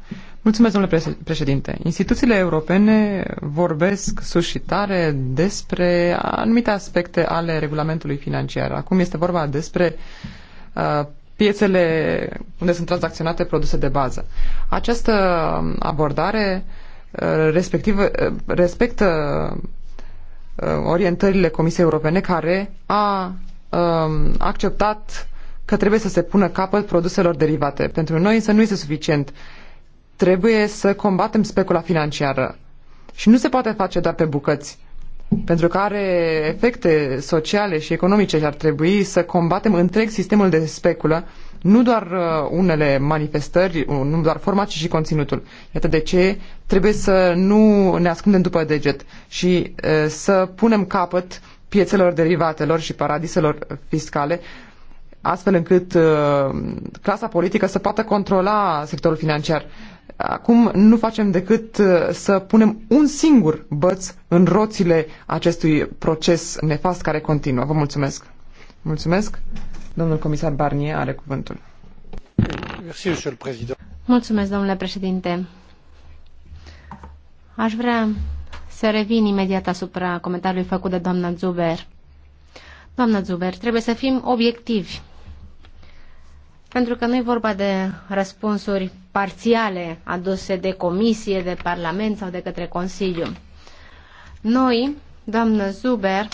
Mulțumesc, domnule președinte. Instituțiile europene vorbesc sus și tare despre anumite aspecte ale regulamentului financiar. Acum este vorba despre uh, piețele unde sunt tranzacționate produse de bază. Această abordare uh, respectivă, uh, respectă uh, orientările Comisiei Europene care a uh, acceptat că trebuie să se pună capăt produselor derivate. Pentru noi însă nu este suficient. Uh, Trebuie să combatem specula financiară. Și nu se poate face doar pe bucăți, pentru că are efecte sociale și economice și ar trebui să combatem întreg sistemul de speculă, nu doar uh, unele manifestări, uh, nu doar forma, ci și conținutul. Iată de ce trebuie să nu ne ascundem după deget și uh, să punem capăt piețelor derivatelor și paradiselor fiscale, astfel încât clasa politică să poată controla sectorul financiar. Acum nu facem decât uh, să punem un singur băț în roțile acestui proces nefast care continuă. Vă mulțumesc. Mulțumesc. Domnul comisar Barnier are cuvântul. Mulțumesc, domnule președinte. Aș vrea să revin imediat asupra comentariului făcut de doamna Zuber. Doamna Zuber, trebuie să fim obiectivi. Pentru că nu e vorba de răspunsuri parțiale aduse de comisie, de parlament sau de către Consiliu. Noi, doamnă Zuber,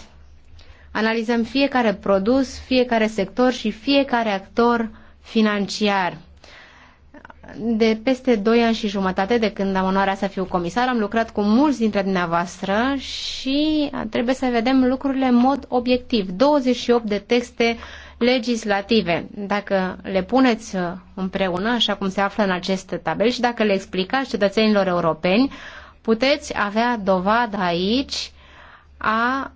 analizăm fiecare produs, fiecare sector și fiecare actor financiar. De peste 2 ani și jumătate de când am onoarea să fiu comisar, am lucrat cu mulți dintre dumneavoastră și trebuie să vedem lucrurile în mod obiectiv. 28 de texte legislative. Dacă le puneți împreună, așa cum se află în acest tabel, și dacă le explicați cetățenilor europeni, puteți avea dovadă aici a,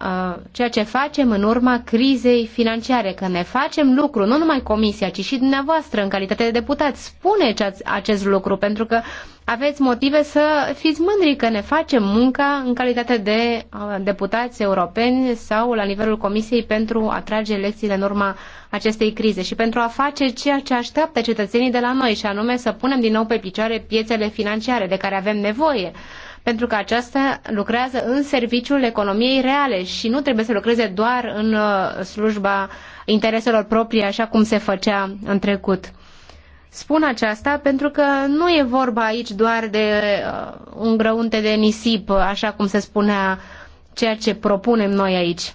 ceea ce facem în urma crizei financiare, că ne facem lucru, nu numai comisia, ci și dumneavoastră în calitate de deputat. Spuneți acest lucru, pentru că aveți motive să fiți mândri că ne facem munca în calitate de deputați europeni sau la nivelul comisiei pentru a trage lecțiile în urma acestei crize și pentru a face ceea ce așteaptă cetățenii de la noi, și anume să punem din nou pe picioare piețele financiare de care avem nevoie. Uh, pentru că aceasta lucrează în serviciul economiei reale și nu trebuie să lucreze doar în uh, slujba intereselor proprii, așa cum se făcea în trecut. Spun aceasta pentru că nu e vorba aici doar de uh, un grăunte de nisip, așa cum se spunea ceea ce propunem noi aici.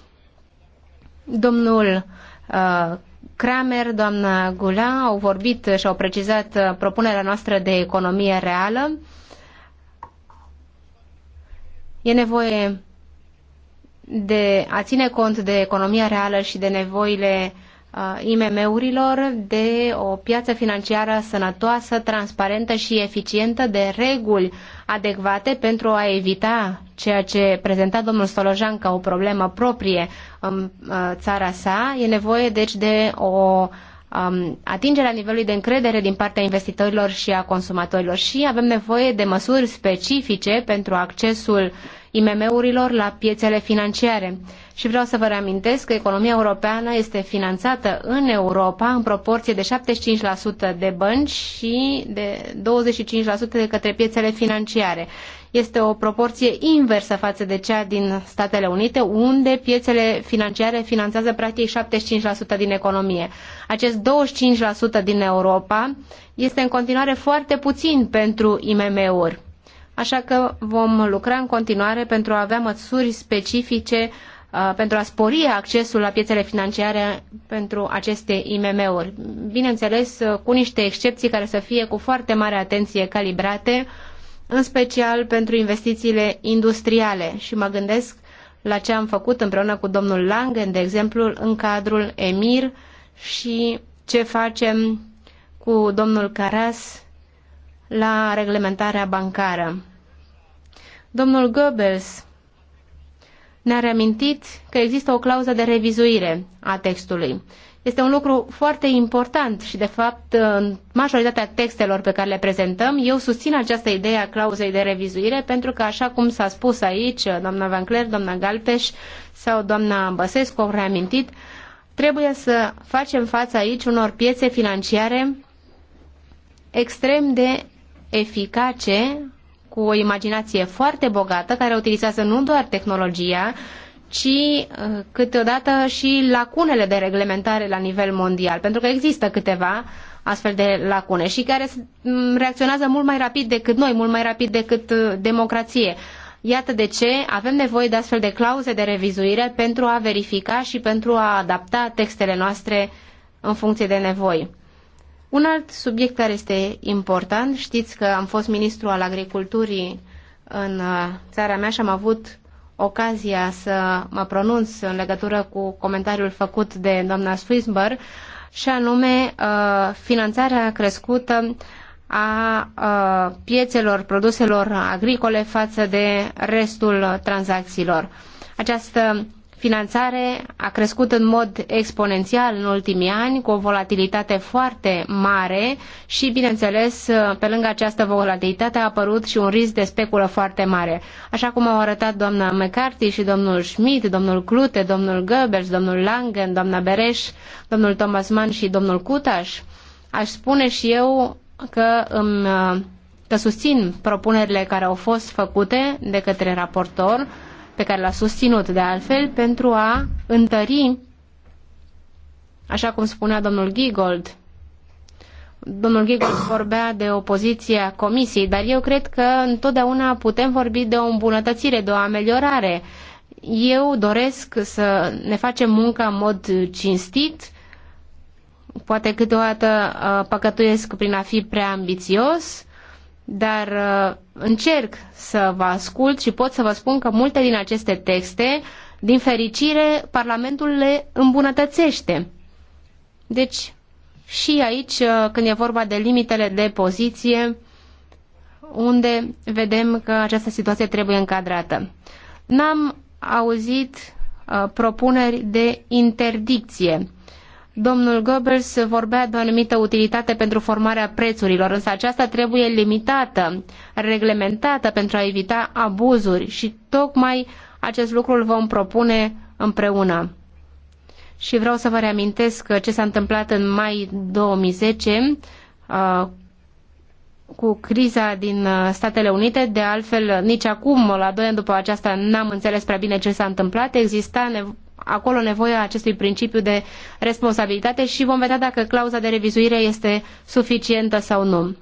Domnul uh, Kramer, doamna Gula au vorbit și au precizat propunerea noastră de economie reală. E nevoie de a ține cont de economia reală și de nevoile uh, IMM-urilor, de o piață financiară sănătoasă, transparentă și eficientă, de reguli adecvate pentru a evita ceea ce prezenta domnul Stolojan ca o problemă proprie în uh, țara sa. E nevoie, deci, de o um, a nivelului de încredere din partea investitorilor și a consumatorilor și avem nevoie de măsuri specifice pentru accesul uh, IMM-urilor la piețele financiare. Și vreau să vă reamintesc că economia europeană este finanțată în Europa în proporție de 75% de bănci și de 25% de către piețele financiare. Este o proporție inversă față de cea din Statele Unite, unde piețele financiare finanțează practic 75% din economie. Acest 25% din Europa este în continuare foarte puțin pentru IMM-uri așa că vom lucra în continuare pentru a avea măsuri specifice uh, pentru a spori accesul la piețele financiare pentru aceste IMM-uri. Bineînțeles, uh, cu niște excepții care să fie cu foarte mare atenție calibrate, în special pentru investițiile industriale și mă gândesc la ce am făcut împreună cu domnul Langen, de exemplu, în cadrul EMIR și ce facem cu domnul Caras la reglementarea bancară. Domnul Goebbels ne-a reamintit că există o clauză de revizuire a textului. Este un lucru foarte important și, de fapt, în majoritatea textelor pe care le prezentăm, eu susțin această idee a clauzei de revizuire pentru că, așa cum s-a spus aici, doamna Van Cler, doamna Galpeș sau doamna Băsescu au reamintit, trebuie să facem față aici unor piețe financiare extrem de eficace, cu o imaginație foarte bogată, care utilizează nu doar tehnologia, ci uh, câteodată și lacunele de reglementare la nivel mondial, pentru că există câteva astfel de lacune și care mm, reacționează mult mai rapid decât noi, mult mai rapid decât uh, democrație. Iată de ce avem nevoie de astfel de clauze de revizuire pentru a verifica și pentru a adapta textele noastre în funcție de nevoi. Un alt subiect care este important, știți că am fost ministru al agriculturii în uh, țara mea și am avut ocazia să mă pronunț în legătură cu comentariul făcut de doamna Swissberg, și anume uh, finanțarea crescută a uh, piețelor produselor agricole față de restul tranzacțiilor. Această finanțare a crescut în mod exponențial în ultimii ani, cu o volatilitate foarte mare și, bineînțeles, pe lângă această volatilitate a apărut și un risc de speculă foarte mare. Așa cum au arătat doamna McCarthy și domnul Schmidt, domnul Clute, domnul Goebbels, domnul Langen, doamna Bereș, domnul Thomas Mann și domnul Cutaș, aș spune și eu că îmi că susțin propunerile care au fost făcute de către raportor, pe care l-a susținut de altfel, pentru a întări, așa cum spunea domnul Gigold, domnul Gigold vorbea de opoziția comisiei, dar eu cred că întotdeauna putem vorbi de o îmbunătățire, de o ameliorare. Eu doresc să ne facem munca în mod cinstit, poate câteodată uh, păcătuiesc prin a fi prea ambițios, dar uh, încerc să vă ascult și pot să vă spun că multe din aceste texte, din fericire, Parlamentul le îmbunătățește. Deci, și aici, uh, când e vorba de limitele de poziție, unde vedem că această situație trebuie încadrată. N-am auzit uh, propuneri de interdicție Domnul Goebbels vorbea de o anumită utilitate pentru formarea prețurilor, însă aceasta trebuie limitată, reglementată pentru a evita abuzuri și tocmai acest lucru îl vom propune împreună. Și vreau să vă reamintesc ce s-a întâmplat în mai 2010 uh, cu criza din uh, Statele Unite. De altfel, nici acum, la doi ani după aceasta, n-am înțeles prea bine ce s-a întâmplat. Exista acolo nevoia acestui principiu de responsabilitate și vom vedea dacă clauza de revizuire este suficientă sau nu.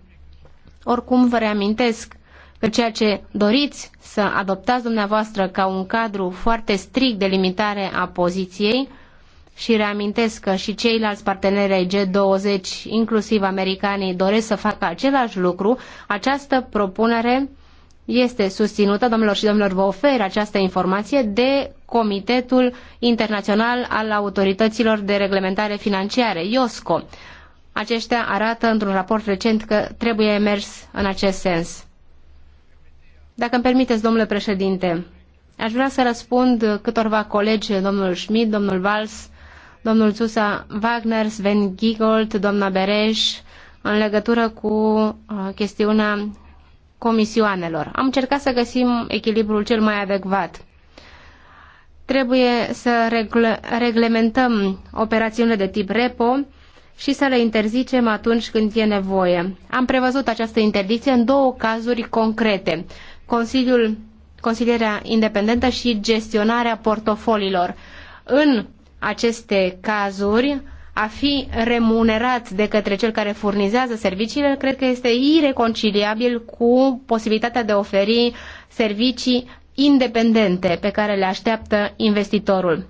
Oricum, vă reamintesc că ceea ce doriți să adoptați dumneavoastră ca un cadru foarte strict de limitare a poziției, și reamintesc că și ceilalți parteneri ai G20, inclusiv americanii, doresc să facă același lucru, această propunere este susținută, domnilor și domnilor, vă ofer această informație de Comitetul Internațional al Autorităților de Reglementare Financiare, IOSCO. Aceștia arată într-un raport recent că trebuie mers în acest sens. Dacă îmi permiteți, domnule președinte, aș vrea să răspund câtorva colegi, domnul Schmidt, domnul Valls, domnul Țusa Wagner, Sven Giegold, doamna Bereș, în legătură cu uh, chestiunea comisioanelor. Am încercat să găsim echilibrul cel mai adecvat. Trebuie să regle reglementăm operațiunile de tip repo și să le interzicem atunci când e nevoie. Am prevăzut această interdicție în două cazuri concrete. Consiliul, consilierea independentă și gestionarea portofoliilor. În aceste cazuri, a fi remunerat de către cel care furnizează serviciile, cred că este ireconciliabil cu posibilitatea de a oferi servicii independente pe care le așteaptă investitorul.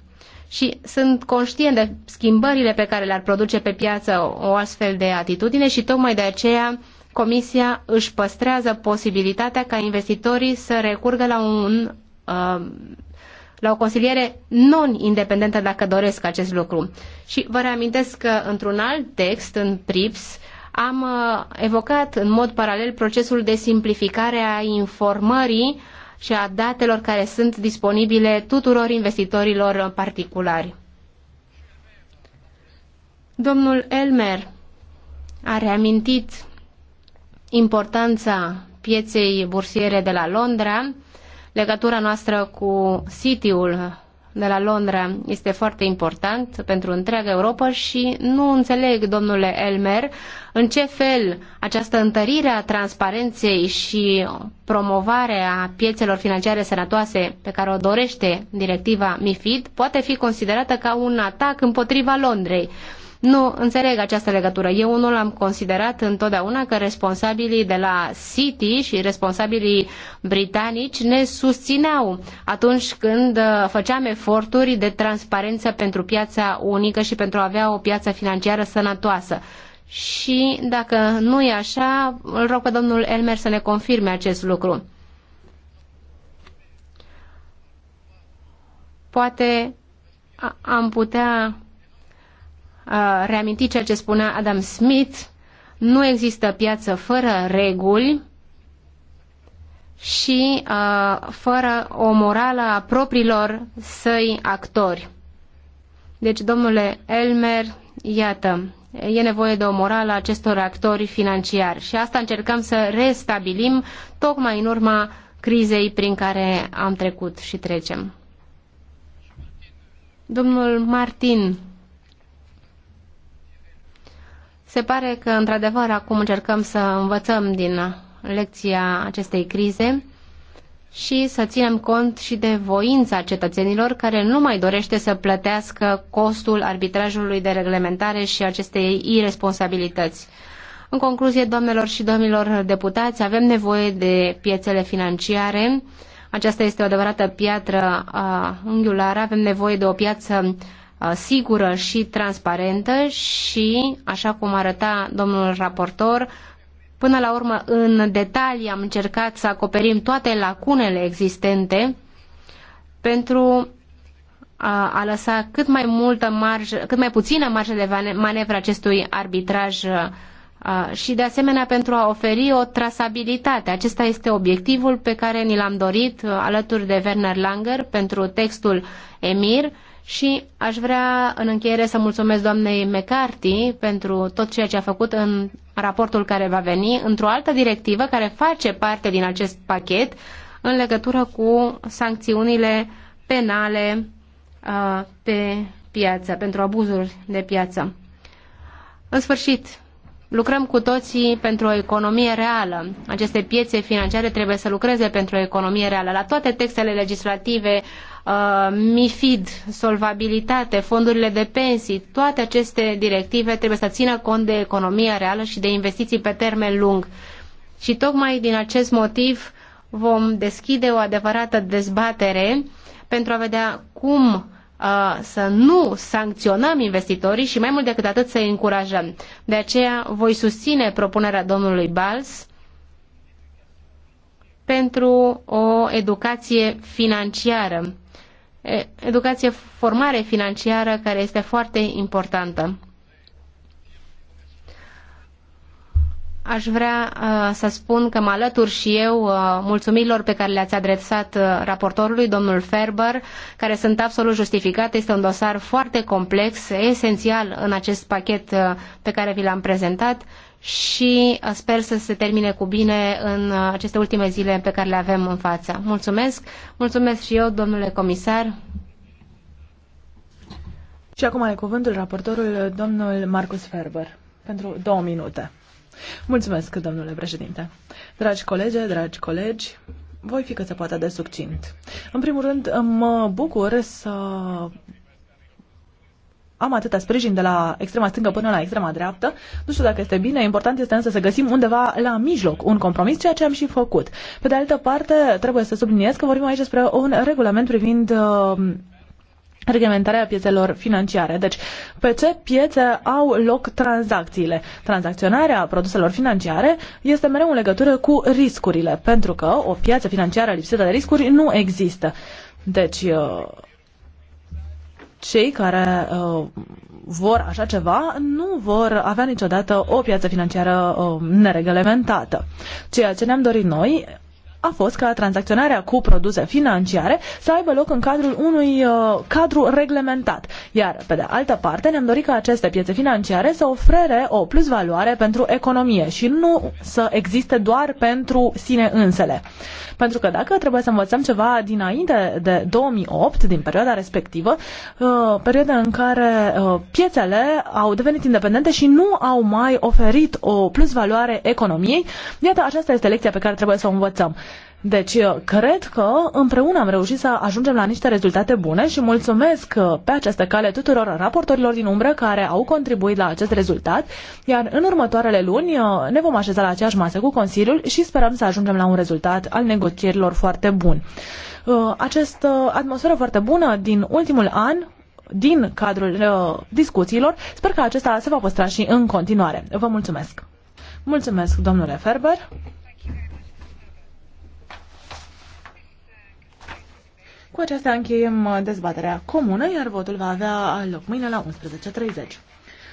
Și sunt conștient de schimbările pe care le-ar produce pe piață o astfel de atitudine și tocmai de aceea Comisia își păstrează posibilitatea ca investitorii să recurgă la un uh, la o consiliere non-independentă dacă doresc acest lucru. Și vă reamintesc că într-un alt text, în PRIPS, am uh, evocat în mod paralel procesul de simplificare a informării și a datelor care sunt disponibile tuturor investitorilor particulari. Domnul Elmer a reamintit importanța pieței bursiere de la Londra, legătura noastră cu City-ul de la Londra este foarte important pentru întreaga Europa și nu înțeleg, domnule Elmer, în ce fel această întărire a transparenței și promovarea piețelor financiare sănătoase pe care o dorește directiva MIFID poate fi considerată ca un atac împotriva Londrei. Nu înțeleg această legătură. Eu unul am considerat întotdeauna că responsabilii de la City și responsabilii britanici ne susțineau atunci când uh, făceam eforturi de transparență pentru piața unică și pentru a avea o piață financiară sănătoasă. Și dacă nu e așa, îl rog pe domnul Elmer să ne confirme acest lucru. Poate am putea reaminti ceea ce spunea Adam Smith, nu există piață fără reguli și fără o morală a propriilor săi actori. Deci, domnule Elmer, iată, e nevoie de o morală a acestor actori financiari și asta încercăm să restabilim tocmai în urma crizei prin care am trecut și trecem. Domnul Martin se pare că, într-adevăr, acum încercăm să învățăm din lecția acestei crize și să ținem cont și de voința cetățenilor care nu mai dorește să plătească costul arbitrajului de reglementare și acestei irresponsabilități. În concluzie, doamnelor și domnilor deputați, avem nevoie de piețele financiare. Aceasta este o adevărată piatră a unghiulară. Avem nevoie de o piață Uh, sigură și transparentă și, așa cum arăta domnul raportor, până la urmă în detalii am încercat să acoperim toate lacunele existente pentru a, a lăsa cât mai multă marjă, cât mai puțină marjă de manevră acestui arbitraj a, uh, și de asemenea pentru a oferi o trasabilitate. Acesta este obiectivul pe care ni l-am dorit uh, alături de Werner Langer pentru textul EMIR și aș vrea în încheiere să mulțumesc doamnei McCarthy pentru tot ceea ce a făcut în raportul care va veni, într-o altă directivă care face parte din acest pachet în legătură cu sancțiunile penale uh, pe piață, pentru abuzuri de piață. În sfârșit, Lucrăm cu toții pentru o economie reală. Aceste piețe financiare trebuie să lucreze pentru o economie reală. La toate textele legislative, uh, MIFID, solvabilitate, fondurile de pensii, toate aceste directive trebuie să țină cont de economia reală și de investiții pe termen lung. Și tocmai din acest motiv vom deschide o adevărată dezbatere pentru a vedea cum să nu sancționăm investitorii și mai mult decât atât să îi încurajăm. De aceea voi susține propunerea domnului Bals pentru o educație financiară, educație formare financiară care este foarte importantă. aș vrea uh, să spun că mă alătur și eu uh, mulțumirilor pe care le-ați adresat uh, raportorului, domnul Ferber, care sunt absolut justificate. Este un dosar foarte complex, esențial în acest pachet uh, pe care vi l-am prezentat și uh, sper să se termine cu bine în uh, aceste ultime zile pe care le avem în față. Mulțumesc! Mulțumesc și eu, domnule comisar! Și acum are cuvântul raportorul domnul Marcus Ferber pentru două minute. Mulțumesc, domnule președinte. Dragi colegi, dragi colegi, voi fi cât se poate de succint. În primul rând, mă bucur să am atâta sprijin de la extrema stângă până la extrema dreaptă. Nu știu dacă este bine, important este însă să găsim undeva la mijloc un compromis, ceea ce am și făcut. Pe de altă parte, trebuie să subliniez că vorbim aici despre un regulament privind uh, reglementarea piețelor financiare. Deci, pe ce piețe au loc tranzacțiile? Tranzacționarea produselor financiare este mereu în legătură cu riscurile, pentru că o piață financiară lipsită de riscuri nu există. Deci, uh, cei care uh, vor așa ceva nu vor avea niciodată o piață financiară uh, nereglementată. Ceea ce ne-am dorit noi a fost ca tranzacționarea cu produse financiare să aibă loc în cadrul unui uh, cadru reglementat. Iar, pe de altă parte, ne-am dorit ca aceste piețe financiare să ofere o plusvaloare pentru economie și nu să existe doar pentru sine însele. Pentru că dacă trebuie să învățăm ceva dinainte de 2008, din perioada respectivă, uh, perioada în care uh, piețele au devenit independente și nu au mai oferit o plusvaloare economiei, iată, aceasta este lecția pe care trebuie să o învățăm. Deci, cred că împreună am reușit să ajungem la niște rezultate bune și mulțumesc uh, pe această cale tuturor raportorilor din umbră care au contribuit la acest rezultat, iar în următoarele luni uh, ne vom așeza la aceeași masă cu Consiliul și sperăm să ajungem la un rezultat al negocierilor foarte bun. Uh, această atmosferă foarte bună din ultimul an din cadrul uh, discuțiilor. Sper că acesta se va păstra și în continuare. Vă mulțumesc! Mulțumesc, domnule Ferber! Cu aceasta încheiem uh, dezbaterea comună, iar votul va avea loc mâine la 11.30.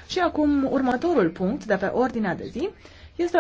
Și acum următorul punct de pe ordinea de zi este